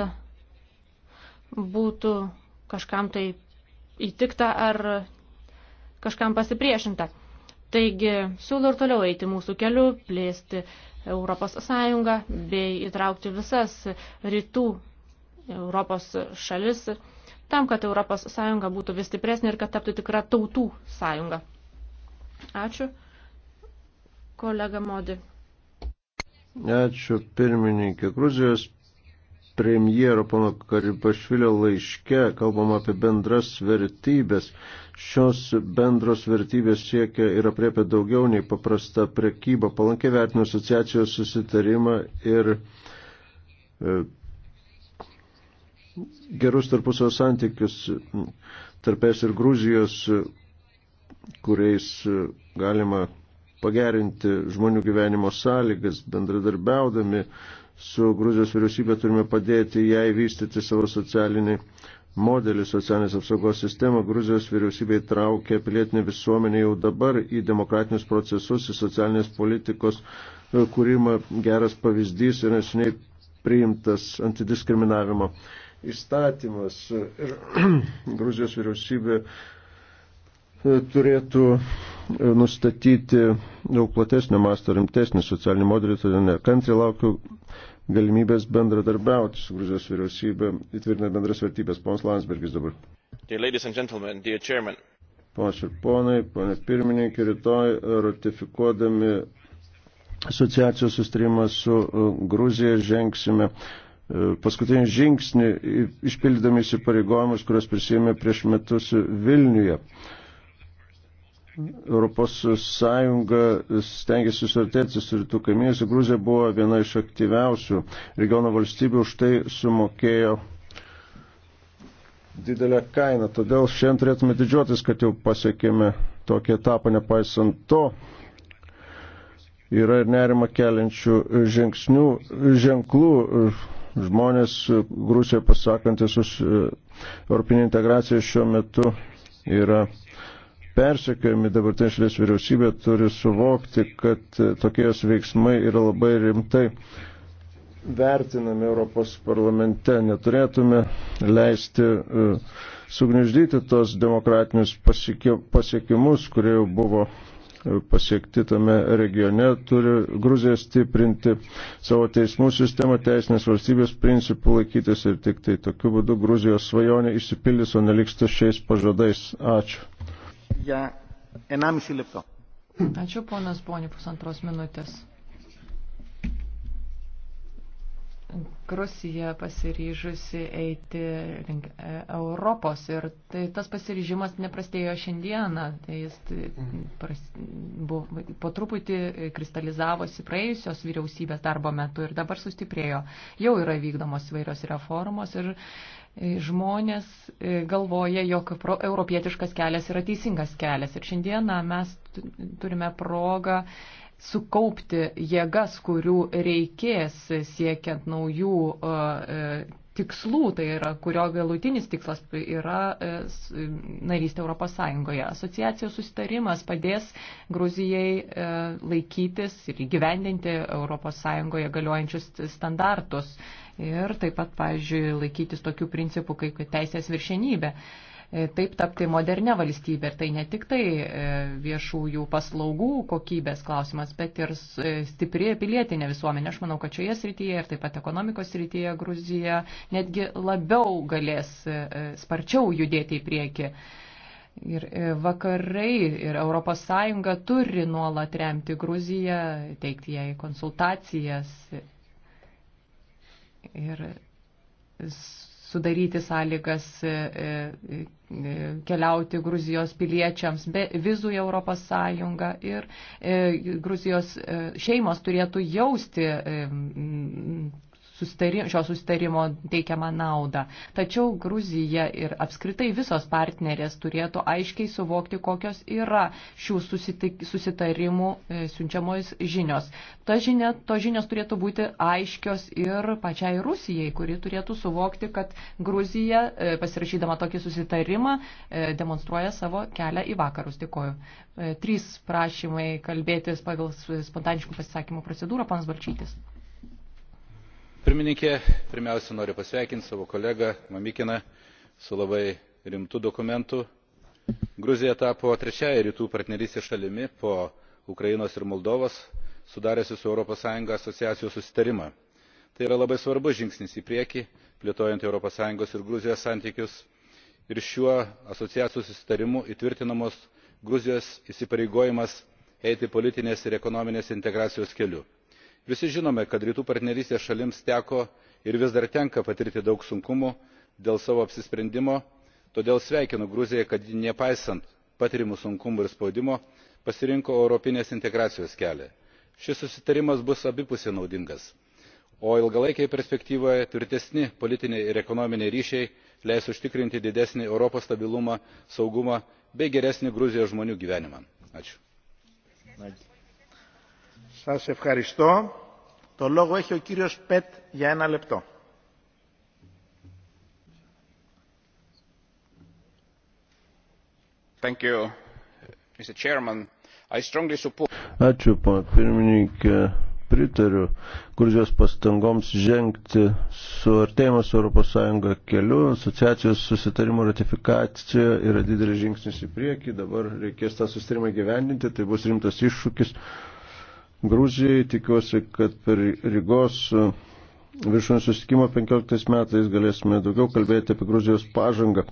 būtų kažkam tai įtikta ar kažkam pasipriešinta. Taigi siūlau ir toliau eiti mūsų keliu, plėsti Europos Sąjungą bei įtraukti visas rytų Europos šalis, tam, kad Europos sąjunga būtų vis stipresnė ir kad taptų tikra tautų sąjunga. Ačiū, kolega Modi. Ačiū, pirmininkė. Gruzijos premjero pono Karibašvilio laiške kalbama apie bendras vertybės. Šios bendros vertybės siekia ir apriepia daugiau nei paprasta prekyba. Palankiai vertinu asociacijos susitarimą ir e, gerus tarpusavio santykius tarp es ir Gruzijos, kuriais galima pagerinti žmonių gyvenimo sąlygas, bendradarbiaudami su Gruzijos vyriausybė turime padėti jai vystyti savo socialinį modelį, socialinės apsaugos sistemą. Gruzijos vyriausybė įtraukė pilietinę visuomenę jau dabar į demokratinius procesus, į socialinės politikos e, kūrimą. Geras pavyzdys yra nesiniai priimtas antidiskriminavimo įstatymas. Ir Gruzijos vyriausybė e, turėtų e, nustatyti daug platesnį mastą, rimtesnį socialinį modelį, todėl nekantri laukiu galimybės bendradarbiauti su Gruzijos vyriausybė, įtvirtinant bendras vertybės. Pons Landsbergis dabar. Ponas ir ponai, ponė pirmininkė, rytoj ratifikuodami asociacijos sustarimą su e, Gruzija žengsime paskutinį žingsnį išpildydami įsipareigojimus, kurios prisėmė prieš metus Vilniuje. Europos Sąjunga stengiasi susiartėti su rytų kaimynais. Gruzija buvo viena iš aktyviausių regiono valstybių, už tai sumokėjo didelę kainą. Todėl šiandien turėtume didžiuotis, kad jau pasiekėme tokį etapą, nepaisant to. Yra ir nerima keliančių žingsnių, ženklų žmonės Grusijoje pasakantis už e, Europinį integraciją šiuo metu yra persekiojami dabartinės šalies vyriausybė turi suvokti, kad e, tokie jos veiksmai yra labai rimtai vertinami Europos parlamente. Neturėtume leisti e, sugniždyti tos demokratinius pasiekimus, kurie jau buvo pasiekti tame regione, turi Gruzija stiprinti savo teismų sistemą, teisinės valstybės principų laikytis ir tik tai tokiu būdu Gruzijos svajonė išsipildys, o neliks tuščiais pažadais. Ačiū. Ja, Ačiū, ponas Boni, pusantros minutės. Rusija pasiryžusi eiti link e- Europos ir tai tas pasiryžimas neprastėjo šiandieną, tai jis pras, buvo, po truputį kristalizavosi praėjusios vyriausybės darbo metu ir dabar sustiprėjo. Jau yra vykdomos vairios reformos ir e, žmonės e, galvoja, jog pro, europietiškas kelias yra teisingas kelias. Ir šiandieną mes turime progą sukaupti jėgas, kurių reikės siekiant naujų e, e, tikslų, tai yra, kurio galutinis tikslas yra e, narystė Europos Sąjungoje. Asociacijos susitarimas padės Gruzijai laikytis ir įgyvendinti Europos Sąjungoje galiojančius standartus ir taip pat, pavyzdžiui, laikytis tokių principų kaip teisės viršenybė. E, taip tapti modernę valstybę. Ir tai ne tik tai e, viešųjų paslaugų kokybės klausimas, bet ir e, stipri pilietinė visuomenė. Aš manau, kad šioje srityje ir taip pat ekonomikos srityje Gruzija netgi labiau galės sparčiau judėti į priekį. Ir vakarai ir ES turi nuolat remti Gruziją, teikti jai konsultacijas ir sudaryti sąlygas e, e, e, keliauti Gruzijos piliečiams be vizų į Europos Sąjungą ir Gruzijos šeimos turėtų jausti sustarim, šio sustarimo teikiamą naudą. Tačiau Gruzija ir apskritai visos partnerės turėtų aiškiai suvokti, kokios yra šių susitik, susitarimų e, siunčiamos žinios. Ta žinia, to žinios turėtų būti aiškios ir pačiai Rusijai, kuri turėtų suvokti, kad Gruzija e, pasirašydama tokį susitarimą e, demonstruoja savo kelią į vakarus. Dėkoju. Trys prašymai kalbėtis pagal spontaniškų pasisakymų procedūrą, panas Balčytis pirmiausia noriu pasveikinti savo kolegą mamikiną su labai rimtu dokumentu. gruzija tapo trečiąja rytų partnerystės šalimi po ukrainos ir moldovos sudariusia su europos sąjunga asociacijos susitarimą. tai yra labai svarbus žingsnis į priekį plėtojant europos sąjungos ir gruzijos santykius ir šiuo asociacijos susitarimu įtvirtinamas gruzijos įsipareigojimas eiti politinės ir ekonominės integracijos keliu visi žinome kad rytų partnerystės šalims teko ir vis dar tenka patirti daug sunkumų dėl savo apsisprendimo todėl sveikinu gruziją kad ji nepaisant patiriamų sunkumų ir spaudimo pasirinko europinės integracijos kelią. šis susitarimas bus abipusiai naudingas o ilgalaikėje perspektyvoje tvirtesni politiniai ir ekonominiai ryšiai leis užtikrinti didesnį europos stabilumą saugumą bei geresnį gruzijos žmonių gyvenimą. Σας ευχαριστώ. Το λόγο έχει ο κύριος Πετ για ένα λεπτό. Thank you, Mr. Chairman. I strongly support... Ačiū, pana pirmininkė. Pritariu Gruzijos pastangoms žengti su artėjimas Europos Sąjunga keliu. Asociacijos susitarimo ratifikacija yra didelis žingsnis į priekį. Dabar reikės tą susitarimą gyvendinti. Tai bus rimtas iššūkis. Uh, Gruzijai. Tikiuosi, kad per Rygos e, viršūnės susitikimą 15 metais galėsime daugiau kalbėti apie Gruzijos pažangą.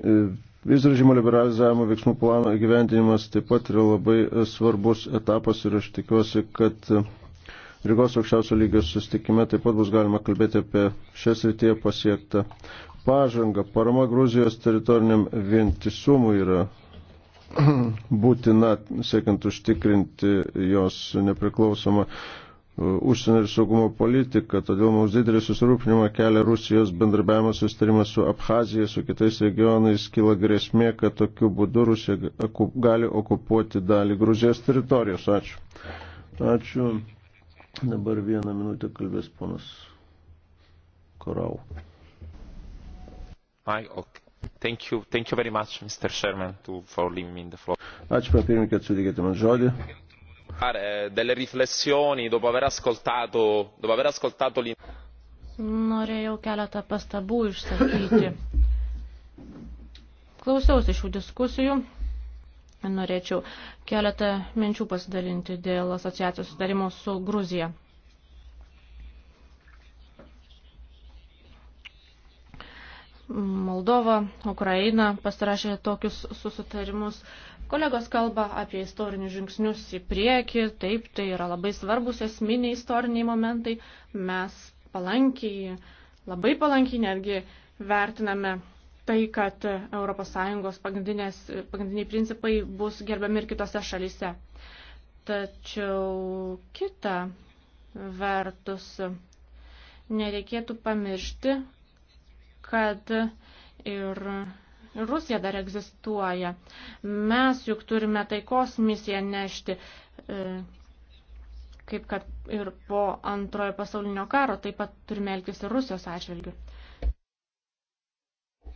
E, Vizų režimo liberalizavimo veiksmų plano įgyvendinimas taip pat yra labai e, svarbus etapas ir aš tikiuosi, kad Rygos aukščiausio lygio susitikime taip pat bus galima kalbėti apie šią srityje pasiektą pažangą. Parama Gruzijos teritoriniam vientisumui yra būtina, siekiant užtikrinti jos nepriklausomą uh, užsienio ir saugumo politiką. Todėl mums didelį susirūpinimą kelia Rusijos bendrabiavimo sustarimas su Abhazija, su kitais regionais, kyla grėsmė, kad tokiu būdu Rusija gali okupuoti dalį Gruzijos teritorijos. Ačiū. Ačiū. Dabar vieną minutę kalbės ponas Korau. Ai, okay. Thank you, thank you very much, Mr. Sherman, to, for leaving me the floor. Ačiū, papirminkė, sudėkite man žodį. Ar eh, delle riflessioni dopo aver ascoltato, dopo aver ascoltato l'in... Norėjau keletą pastabų išsakyti. Klausiausi šių diskusijų. Norėčiau keletą minčių pasidalinti dėl asociacijos sutarimo su Gruzija. Moldova, Ukraina pasirašė tokius susitarimus. Kolegos kalba apie istorinius žingsnius į priekį, taip, tai yra labai svarbus esminiai istoriniai momentai. Mes palankiai, labai palankiai netgi vertiname tai, kad ES pagrindiniai principai bus gerbiami ir kitose šalyse. Tačiau kita vertus, nereikėtų pamiršti, kad ir Rusija dar egzistuoja. Mes juk turime taikos misiją nešti, e, kaip kad ir po antrojo pasaulinio karo, taip pat turime elgtis ir Rusijos atžvilgių.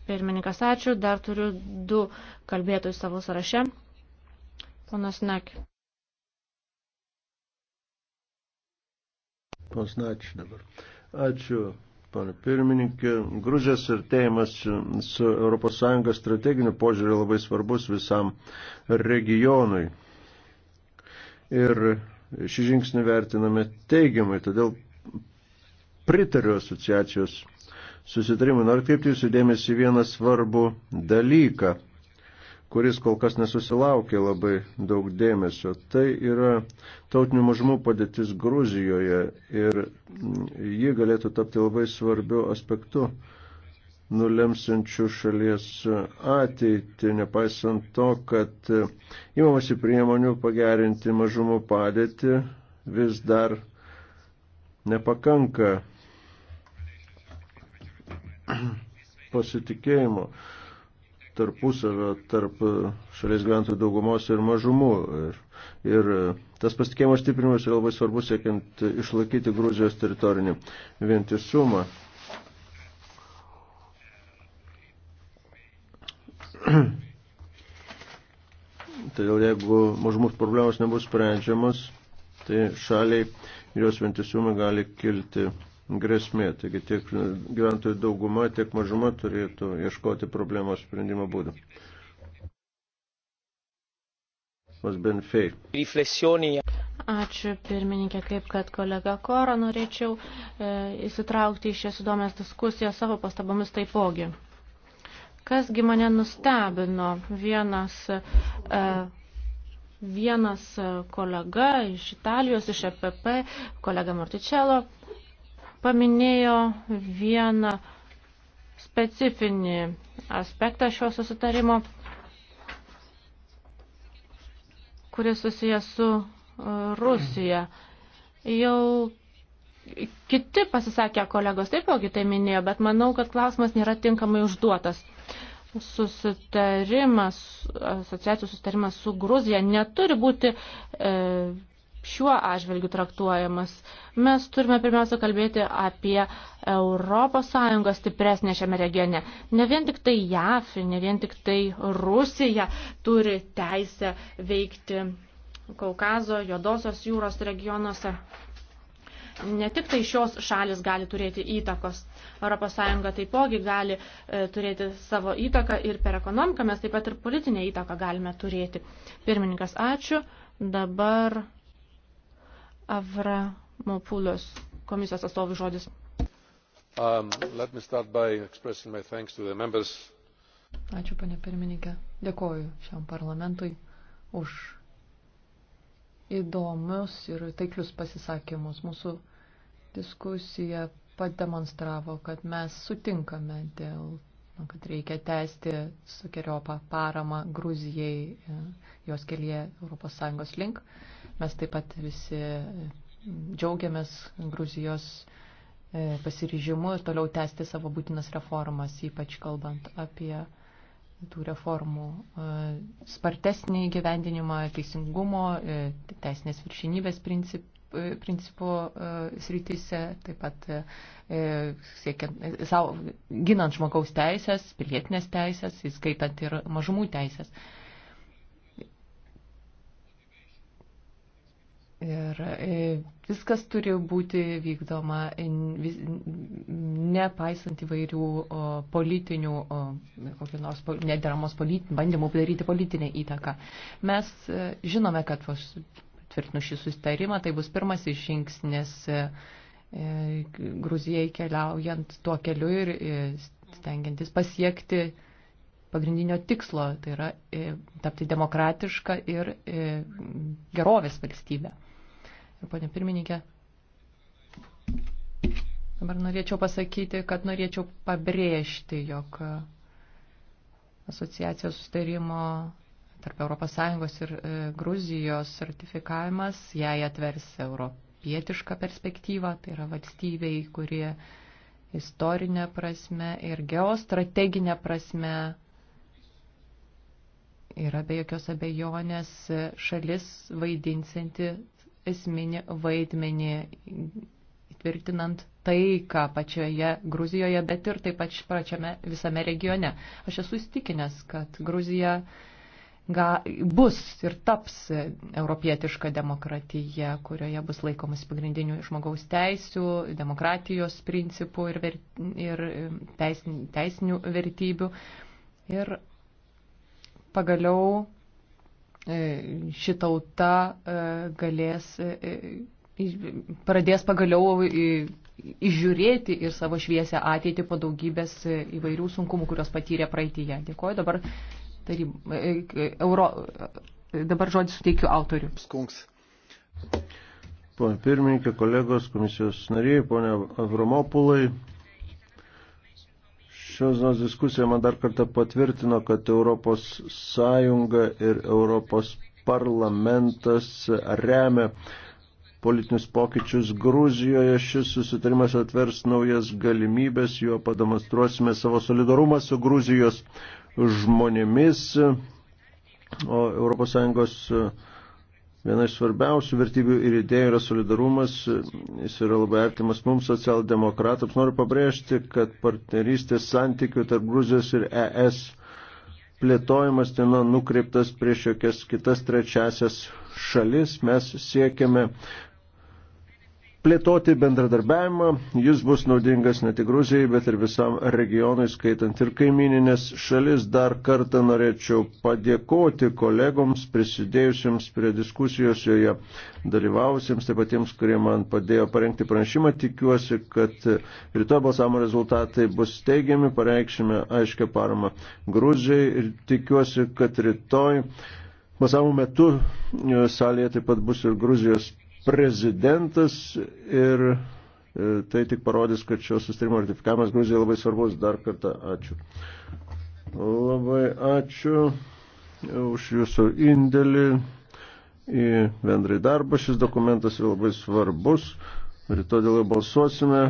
Pirmininkas, ačiū. Dar turiu du kalbėtojus savo sąraše. Ponas Nek. Ponas Nač dabar. Ačiū. Pane pirmininkė, Gruzijos artėjimas su ES strateginiu požiūriu labai svarbus visam regionui. Ir šį žingsnį vertiname teigiamai, todėl pritariu asociacijos susitarimui. Noriu kreipti jūsų dėmesį vieną svarbų dalyką kuris kol kas nesusilaukė labai daug dėmesio. Tai yra tautinių mažumų padėtis Gruzijoje ir ji galėtų tapti labai svarbiu aspektu nulemsiančių šalies ateitį, nepaisant to, kad įmamasi priemonių pagerinti mažumų padėtį vis dar nepakanka pasitikėjimo tarpusavio tarp šalies gyventojų daugumos ir mažumų. Ir, ir tas pasitikėjimo stiprinimas yra labai svarbus siekiant išlaikyti Gruzijos teritorinį vientisumą. Todėl jeigu mažumų problemos nebus sprendžiamas, tai šaliai jos vientisumai gali kilti grėsmė. Taigi tiek gyventojų dauguma, tiek mažuma turėtų ieškoti problemos sprendimo būdų. Ačiū pirmininkė, kaip kad kolega Kora, norėčiau e, įsitraukti į šią įdomias diskusiją savo pastabomis taipogi. Kasgi mane nustebino vienas, e, vienas kolega iš Italijos, iš EPP, kolega Morticello, paminėjo vieną specifinį aspektą šio susitarimo, kuris susijęs su e, Rusija. Jau kiti pasisakė kolegos taipogi tai minėjo, bet manau, kad klausimas nėra tinkamai užduotas. Susitarimas, asociacijų susitarimas su Gruzija neturi būti e, šiuo atžvilgiu traktuojamas. Mes turime pirmiausia kalbėti apie ES stipresnę šiame regione. Ne vien tik tai JAF, ne vien tik tai Rusija turi teisę veikti Kaukazo, Jodosios jūros regionuose. Ne tik tai šios šalis gali turėti įtakos. ES taipogi gali e, turėti savo įtaką ir per ekonomiką mes taip pat ir politinę įtaką galime turėti. Pirmininkas, ačiū. Dabar Avramopulos komisijos atstovų žodis. Um, Ačiū, panė pirmininkė. Dėkoju šiam parlamentui už įdomius ir taiklius pasisakymus. Mūsų diskusija pademonstravo, kad mes sutinkame dėl, nu, kad reikia tęsti sukeriopą paramą Gruzijai e, jos kelyje ES link. Mes taip pat visi e, džiaugiamės Gruzijos e, pasiryžimu toliau tęsti savo būtinas reformas, ypač kalbant apie tų reformų e, spartesnį gyvendinimą, teisingumo, teisinės viršinybės princip, principų srityse, taip pat siekiant, savo, ginant žmogaus teisės, pilietinės teisės, įskaitant ir mažumų teisės. Ir e, viskas turi būti vykdoma nepaisant įvairių politinių, kokį nors nederamos politi, bandymų padaryti politinę įtaką. Mes e, žinome, kad tvirtinu šį sustarimą, tai bus pirmasis žingsnis e, Gruzijai keliaujant tuo keliu ir stengiantis pasiekti pagrindinio tikslo, tai yra tapti demokratišką ir gerovės valstybę. Pane pirmininkė, dabar norėčiau pasakyti, kad norėčiau pabrėžti, jog asociacijos sustarimo tarp ES ir e, Gruzijos ratifikavimas, jai atvers europietišką perspektyvą, tai yra valstybei, kurie istorinė prasme ir geostrateginė prasme yra be jokios abejonės šalis vaidinsinti esminį vaidmenį tvirtinant taiką pačioje Gruzijoje, bet ir taip pat pačiame visame regione. Aš esu įstikinęs, kad Gruzija ga, bus ir taps europietiška demokratija, kurioje bus laikomas pagrindinių žmogaus teisių, demokratijos principų ir, ver, ir um, teisinių, teisinių vertybių. Ir pagaliau E, šitauta e, galės, e, pradės pagaliau išžiūrėti ir savo šviesę ateitį po daugybės įvairių sunkumų, kurios patyrė praeitįje. Dėkuoju, dabar, taryb, euro, dabar žodį suteikiu autoriu. Skunks. Pone pirmininkė, kolegos, komisijos nariai, pone Avramopulai, Šios dienos diskusija man dar kartą patvirtino, kad Europos Sąjunga ir Europos parlamentas remia politinius pokyčius Gruzijoje. Šis susitarimas atvers naujas galimybės, juo pademonstruosime savo solidarumą su Gruzijos žmonėmis. O ES Viena iš svarbiausių vertybių ir idėjų yra solidarumas, jis yra labai artimas mums socialdemokratams. Noriu pabrėžti, kad partnerystės santykių tarp Gruzijos ir ES plėtojimas ten nukreiptas prieš jokias kitas trečiasias šalis. Mes siekiame plėtoti bendradarbiavimą. Jis bus naudingas ne tik Gruzijai, bet ir visam regionui, skaitant ir kaimininės šalis. Dar kartą norėčiau padėkoti kolegoms, prisidėjusiems prie diskusijos joje dalyvavusiems, taip pat tiems, kurie man padėjo parengti pranešimą. Tikiuosi, kad rytoj balsavimo rezultatai bus teigiami, pareikšime aiškę paramą Gruzijai ir tikiuosi, kad rytoj. Balsavimo metu salėje taip pat bus ir Gruzijos prezidentas ir e, tai tik parodys, kad šio sustarimo ratifikavimas Gruzijai labai svarbus. Dar kartą ačiū. Labai ačiū už jūsų indėlį į bendrai darbą. Šis dokumentas yra labai svarbus. Rytoj dėl balsuosime.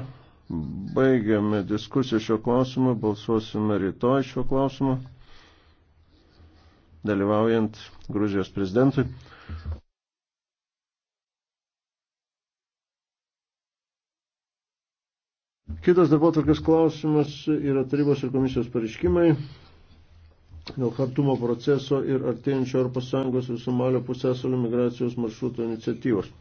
Baigiame diskusiją šio klausimu, balsuosime rytoj šio klausimu, dalyvaujant Gruzijos prezidentui. Kitas darbotvarkės klausimas yra tarybos ir komisijos pareiškimai dėl kartumo proceso ir artėjančio Europos Sąjungos ir Somalio pusėsalio migracijos maršruto iniciatyvos.